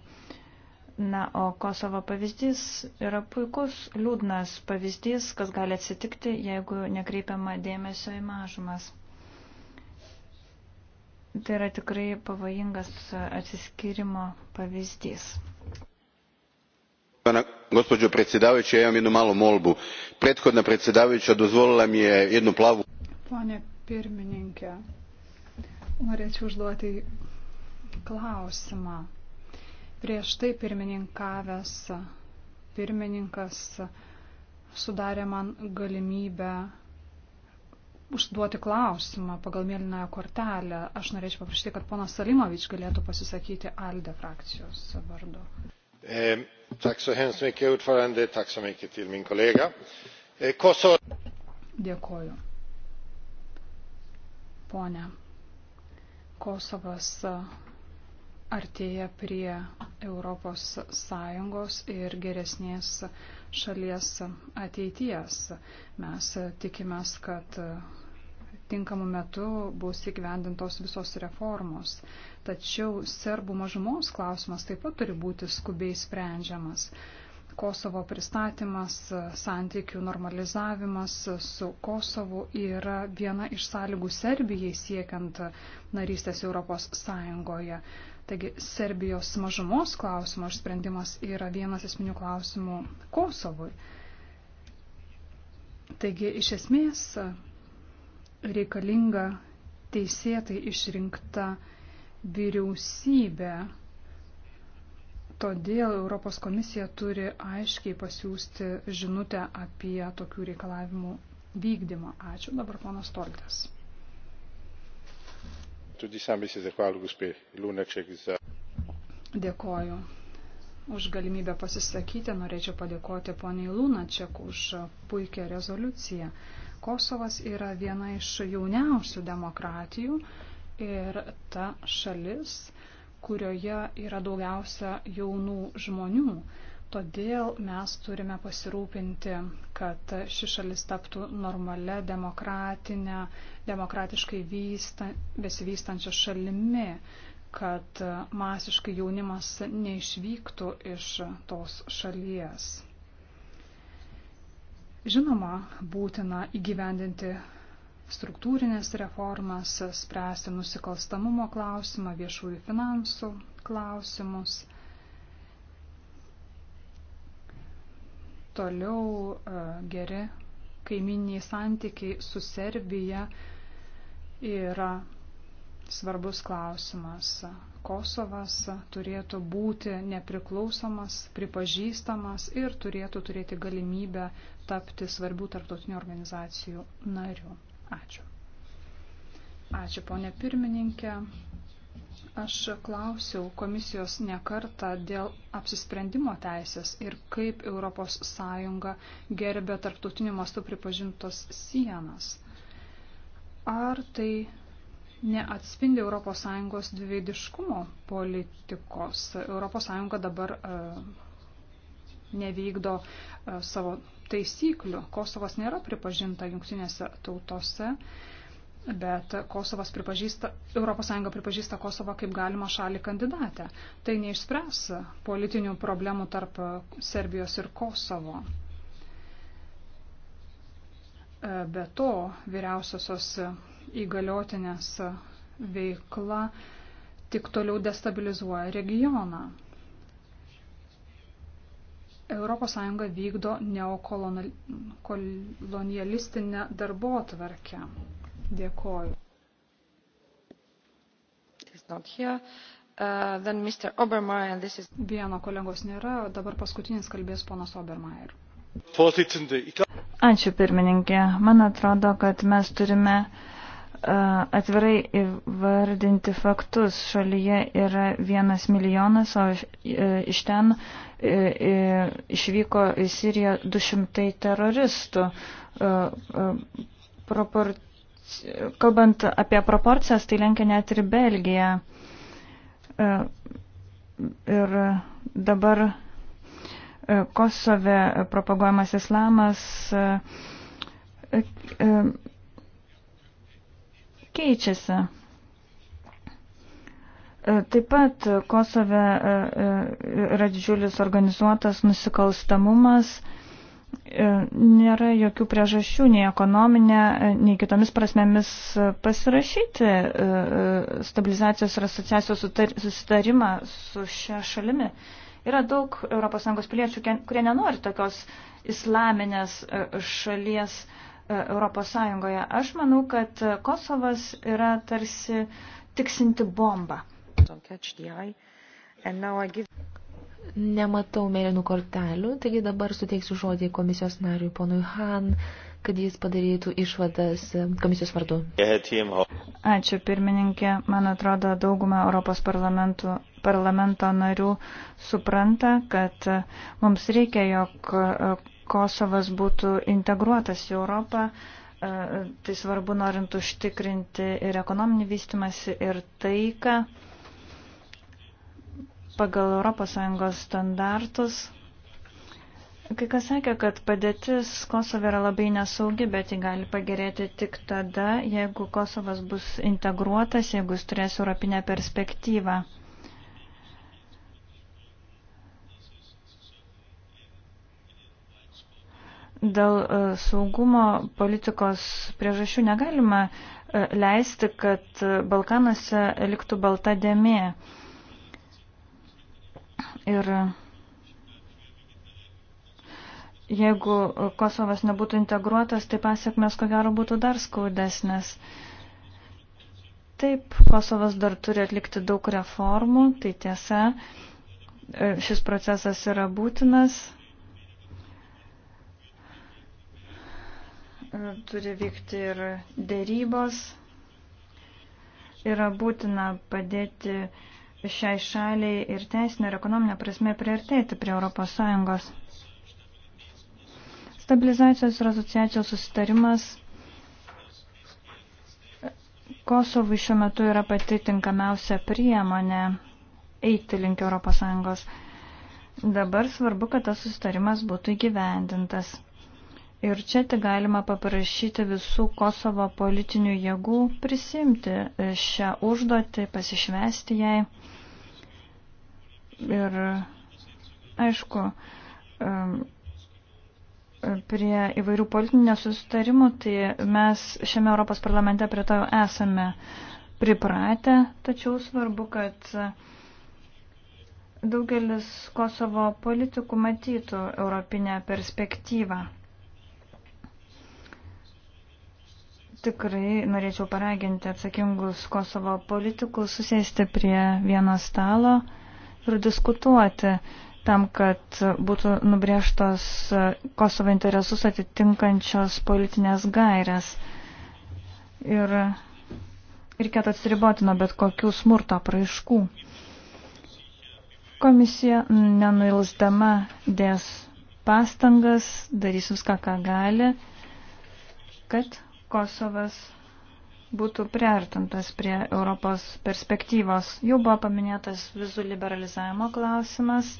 Na, o Kosovo pavyzdys yra puikus, liūdnas pavyzdys, kas gali atsitikti, jeigu nekreipiama dėmesio į mažumas. Tai yra tikrai pavojingas atsiskirimo pavyzdys gospođo predsjedavajuća ja imam jednu malu molbu prethodna predsjedavajuća dozvolila mi je jednu plavu. pone pirmininke norėčiau užduoti klausimą. Prieš tai pirmininkavęs pirmininkas sudarė man galimybę užduoti klausimą pagal mėlynąją kortelę. Aš norėčiau paprašyti, kad ponas Salimovič galėtų pasisakyti ALDE frakcijos vardu. Eh, eh, Dėkoju. Pone, Kosovas artėja prie ES ir geresnės šalies ateities. Mes tikimės, kad tinkamu metu bus įgyvendintos visos reformos. Tačiau serbų mažumos klausimas taip pat turi būti skubiai sprendžiamas. Kosovo pristatymas, santykių normalizavimas su Kosovu yra viena iš sąlygų Serbijai siekiant narystės Europos Sąjungoje. Taigi Serbijos mažumos klausimo išsprendimas yra vienas esminių klausimų Kosovui. Taigi iš esmės reikalinga teisėtai išrinkta vyriausybė. Todėl Europos komisija turi aiškiai pasiūsti žinutę apie tokių reikalavimų vykdymą. Ačiū dabar ponas Toltas. Tudi sam bi se zahvalil gospe Lunaček za. Dėkoju. Už galimybę pasisakyti norėčiau padėkoti poniai Lunaček už puikią rezoliuciją. Kosovas yra viena iš jauniausių demokratijų ir ta šalis, kurioje yra daugiausia jaunų žmonių. Todėl mes turime pasirūpinti, kad ši šalis taptų normale, demokratinė, demokratiškai vysta, besivystančia šalimi, kad masiškai jaunimas neišvyktų iš tos šalies. Žinoma, būtina įgyvendinti struktūrinės reformas, spręsti nusikalstamumo klausimą, viešųjų finansų klausimus toliau e, geri kaiminiai santykiai su Serbija yra svarbus klausimas. Kosovas turėtų būti nepriklausomas, pripažįstamas ir turėtų turėti galimybę tapti svarbių tarptautinių organizacijų nariu. Ačiū. Ačiū, ponė pirmininkė. Aš klausiau komisijos nekartą dėl apsisprendimo teisės ir kaip ES gerbė tarptautiniu mastu pripažintos sienas. Ar tai neatspindi ES dviveidiškumo politikos? ES dabar e, nevykdo e, savo taisyklių. Kosovas nėra pripažinta jungtinėse tautose. E, bet Kosovas pripažįsta, ES pripažįsta Kosovą kaip galima šalį kandidatę. Tai neišspręs politinių problemų tarp Serbijos ir Kosovo. Be to, vyriausiosios įgaliotinės veikla tik toliau destabilizuoja regioną. ES vykdo neokolonialistinę darbo tvarkę. Dėkoju. Uh, is... Vieno kolegos nėra, dabar paskutinis kalbės ponas Obermeier. Ačiū pirmininkė. Man atrodo, kad mes turime uh, atvirai įvardinti faktus. Šalyje yra vienas milijonas, o iš, uh, iš ten uh, uh, išvyko į Siriją du šimtai teroristų. Uh, uh, Propor kalbant apie proporcijas, tai lenkia net ir Belgija. E, ir dabar e, Kosove propaguojamas islamas e, keičiasi. Taip pat Kosove yra didžiulis organizuotas nusikalstamumas. E, nėra jokių priežasčių nei ekonominė, e, nei kitomis prasmėmis e, pasirašyti stabilizacijos ir asociacijos susitarimą su šia šalimi. Yra daug ES piliečių, kurie nenori tokios islaminės šalies ES. Aš manau, kad Kosovas yra tarsi tiksinti bomba. Don't catch the eye. And now I give... Nematau mėlynų kortelių, taigi dabar suteiksiu žodį komisijos nariui ponui Han, kad jis padarytų išvadas komisijos vardu. Ačiū pirmininkė. Man atrodo, dauguma Europos parlamento narių supranta, kad mums reikia, jog e, Kosovas būtų integruotas į Europą. E, tai svarbu norint užtikrinti ir ekonominį vystimąsi, ir taiką pagal ES standartus. Kai kas sakė, kad padėtis Kosovo yra labai nesaugi, bet ji gali pagerėti tik tada, jeigu Kosovas bus integruotas, jeigu jis turės europinę perspektyvą. Dėl e, saugumo politikos priežasčių negalima e, leisti, kad e, Balkanuose liktų balta dėmė. Ir jeigu Kosovas nebūtų integruotas, tai pasiekmes ko gero būtų dar skaudesnės. Taip, Kosovas dar turi atlikti daug reformų, tai tiesa, šis procesas yra būtinas. Turi vykti ir dėrybos. Yra būtina padėti uh, šiai šaliai ir teisinė ir ekonominė prasme priartėti prie ES. Stabilizacijos ir asociacijos susitarimas Kosovui šiuo metu yra pati tinkamiausia priemonė eiti link ES. Dabar svarbu, kad tas susitarimas būtų įgyvendintas. Ir čia tik galima paprašyti visų Kosovo politinių jėgų prisimti e, šią užduotį, pasišvesti jai. Ir aišku, e, e, prie įvairių politinių nesustarimų, tai mes šiame Europos parlamente prie to esame pripratę, tačiau svarbu, kad daugelis Kosovo politikų matytų europinę perspektyvą. tikrai norėčiau paraginti atsakingus Kosovo politikus susėsti prie vieno stalo ir diskutuoti tam, kad būtų nubrėžtos Kosovo interesus atitinkančios politinės gairės. Ir reikėtų atsiriboti nuo bet kokių smurto praaiškų. Komisija nenuilsdama dės pastangas, darys viską, ką gali, kad Kosovas būtų priartintas prie Europos perspektyvos. Jau buvo paminėtas vizų liberalizavimo klausimas,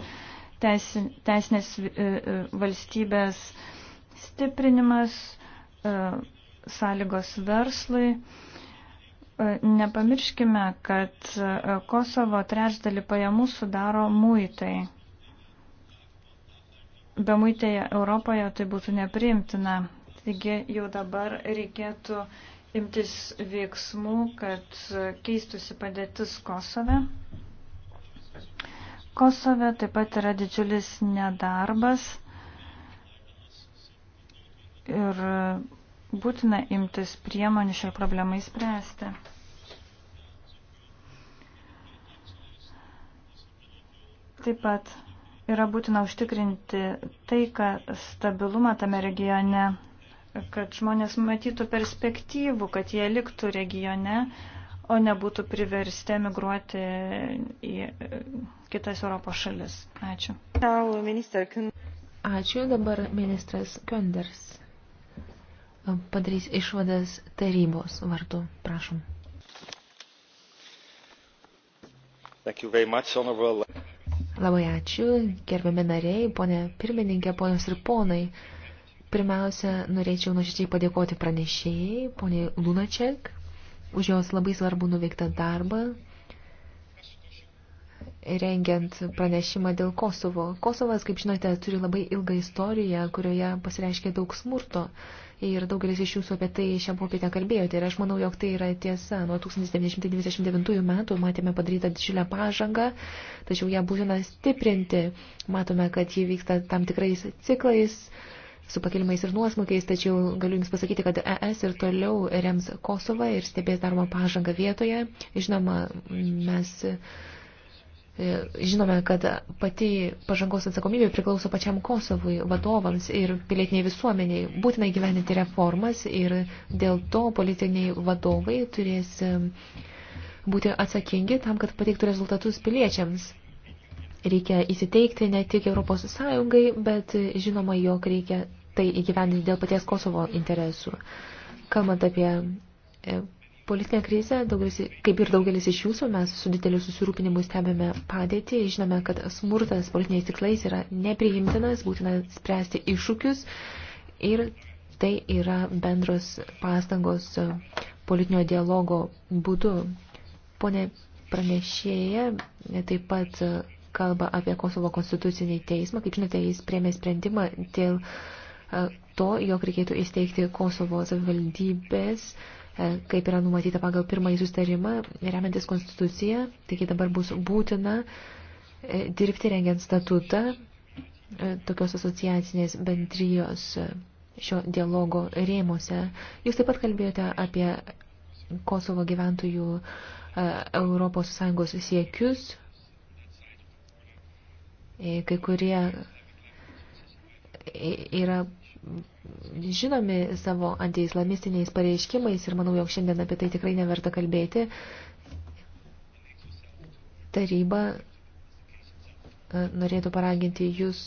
teisinės e, e, valstybės stiprinimas, e, sąlygos verslui. Nepamirškime, kad Kosovo trečdalį pajamų sudaro muitai. Be muitėje Europoje tai būtų nepriimtina. Taigi jau dabar reikėtų imtis veiksmų, kad keistusi padėtis Kosove. Kosove taip pat yra didžiulis nedarbas ir būtina imtis priemonių šiai problemai spręsti. Taip pat yra būtina užtikrinti taiką stabilumą tame regione kad žmonės matytų perspektyvų, kad jie liktų regione, o nebūtų priversti emigruoti į e, kitas Europos šalis. Ačiū. Ačiū dabar ministras Könders. Padarys išvadas tarybos vardu. Prašom. Thank you very much, honorable. Labai ačiū, gerbiami nariai, ponė pirmininkė, ponios ir ponai. Pirmiausia, norėčiau nuoširdžiai padėkoti pranešėjai, poniai Lunaček, už jos labai svarbu nuveiktą darbą, rengiant pranešimą dėl Kosovo. Kosovas, kaip žinote, turi labai ilgą istoriją, kurioje pasireiškia daug smurto. Ir daugelis iš jūsų apie tai šią popietę kalbėjote. Ir aš manau, jog tai yra tiesa. Nuo 1999 metų matėme padarytą didžiulę pažangą, tačiau ją būtina stiprinti. Matome, kad ji vyksta tam tikrais ciklais su pakilimais ir nuosmukiais, tačiau galiu Jums pasakyti, kad ES ir toliau rems Kosovą ir stebės daromą pažangą vietoje. Žinoma, mes e, žinome, kad pati pažangos atsakomybė priklauso pačiam Kosovui, vadovams ir pilietiniai visuomeniai. Būtina įgyveninti reformas ir dėl to politiniai vadovai turės e, būti atsakingi tam, kad pateiktų rezultatus piliečiams reikia įsiteikti ne tik Europos Sąjungai, bet žinoma, jog reikia tai įgyvendinti dėl paties Kosovo interesų. Kalbant apie e, politinę krizę, daugelis, kaip ir daugelis iš jūsų, mes su dideliu susirūpinimu stebėme padėtį. Žinome, kad smurtas politiniais tiklais yra nepriimtinas, būtina spręsti iššūkius ir tai yra bendros pastangos e, politinio dialogo būdu. Pone pranešėja taip pat e, kalba apie Kosovo konstitucinį teismą. Kaip žinote, jis priemė sprendimą dėl e, to, jog reikėtų įsteigti Kosovo savivaldybės, e, kaip yra numatyta pagal pirmąjį sustarimą, remiantis konstituciją. Taigi dabar bus būtina e, dirbti rengiant statutą tokios asociacinės bendrijos šio dialogo rėmose. Jūs taip pat kalbėjote apie Kosovo gyventojų Europos Sąjungos siekius E, kai kurie e, yra žinomi savo antiislamistiniais pareiškimais ir manau, jog šiandien apie tai tikrai neverta kalbėti. Taryba e, norėtų paraginti jūs,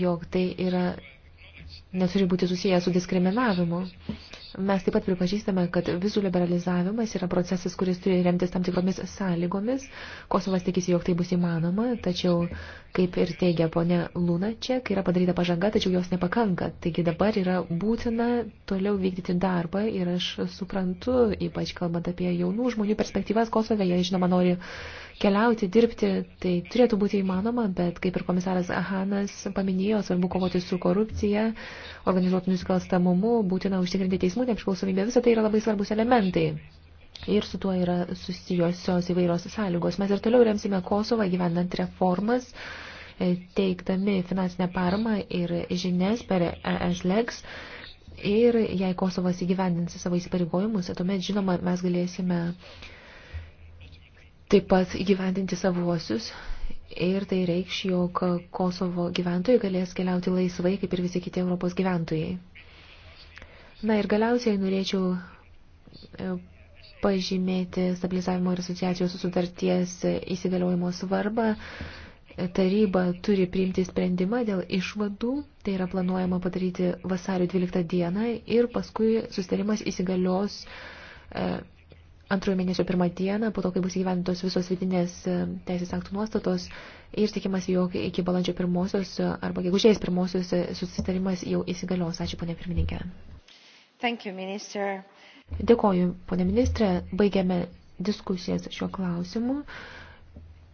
jog tai yra neturi būti susiję su diskriminavimu. Mes taip pat pripažįstame, kad vizų liberalizavimas yra procesas, kuris turi remtis tam tikromis sąlygomis. Kosovas tikisi, jog tai bus įmanoma, tačiau, kaip ir teigia ponia Lunaček, yra padaryta pažanga, tačiau jos nepakanka. Taigi dabar yra būtina toliau vykdyti darbą ir aš suprantu, ypač kalbant apie jaunų žmonių perspektyvas Kosove, jie žinoma nori keliauti, dirbti, tai turėtų būti įmanoma, bet kaip ir komisaras Ahanas paminėjo, svarbu kovoti su korupcija, organizuotų nusikalstamumu, būtina užtikrinti teismų nepriklausomybę, visą tai yra labai svarbus elementai. Ir su tuo yra susijusios įvairios sąlygos. Mes ir toliau remsime Kosovą gyvenant reformas, e, teikdami finansinę paramą ir žinias per ESLEX. Ir jei Kosovas įgyvendins savo įsipareigojimus, tuomet, žinoma, mes galėsime uh, taip pat gyvendinti savuosius ir tai reikš, jog Kosovo gyventojai galės keliauti laisvai, kaip ir visi kiti Europos gyventojai. Na ir galiausiai norėčiau e, pažymėti stabilizavimo ir asociacijos sutarties įsigaliojimo svarbą. Taryba turi priimti sprendimą dėl išvadų, tai yra planuojama padaryti vasario 12 dieną ir paskui sustarimas įsigalios e, antrojo mėnesio pirmą dieną, po to, kai bus įgyventos visos vidinės e, teisės aktų nuostatos ir tikimasi, jog iki balandžio pirmosios e, arba gegužės pirmosios e, susitarimas jau įsigalios. Ačiū, ponė pirmininkė. Thank you, minister. Dėkoju, ponė ministrė. Baigiame diskusijas šiuo klausimu.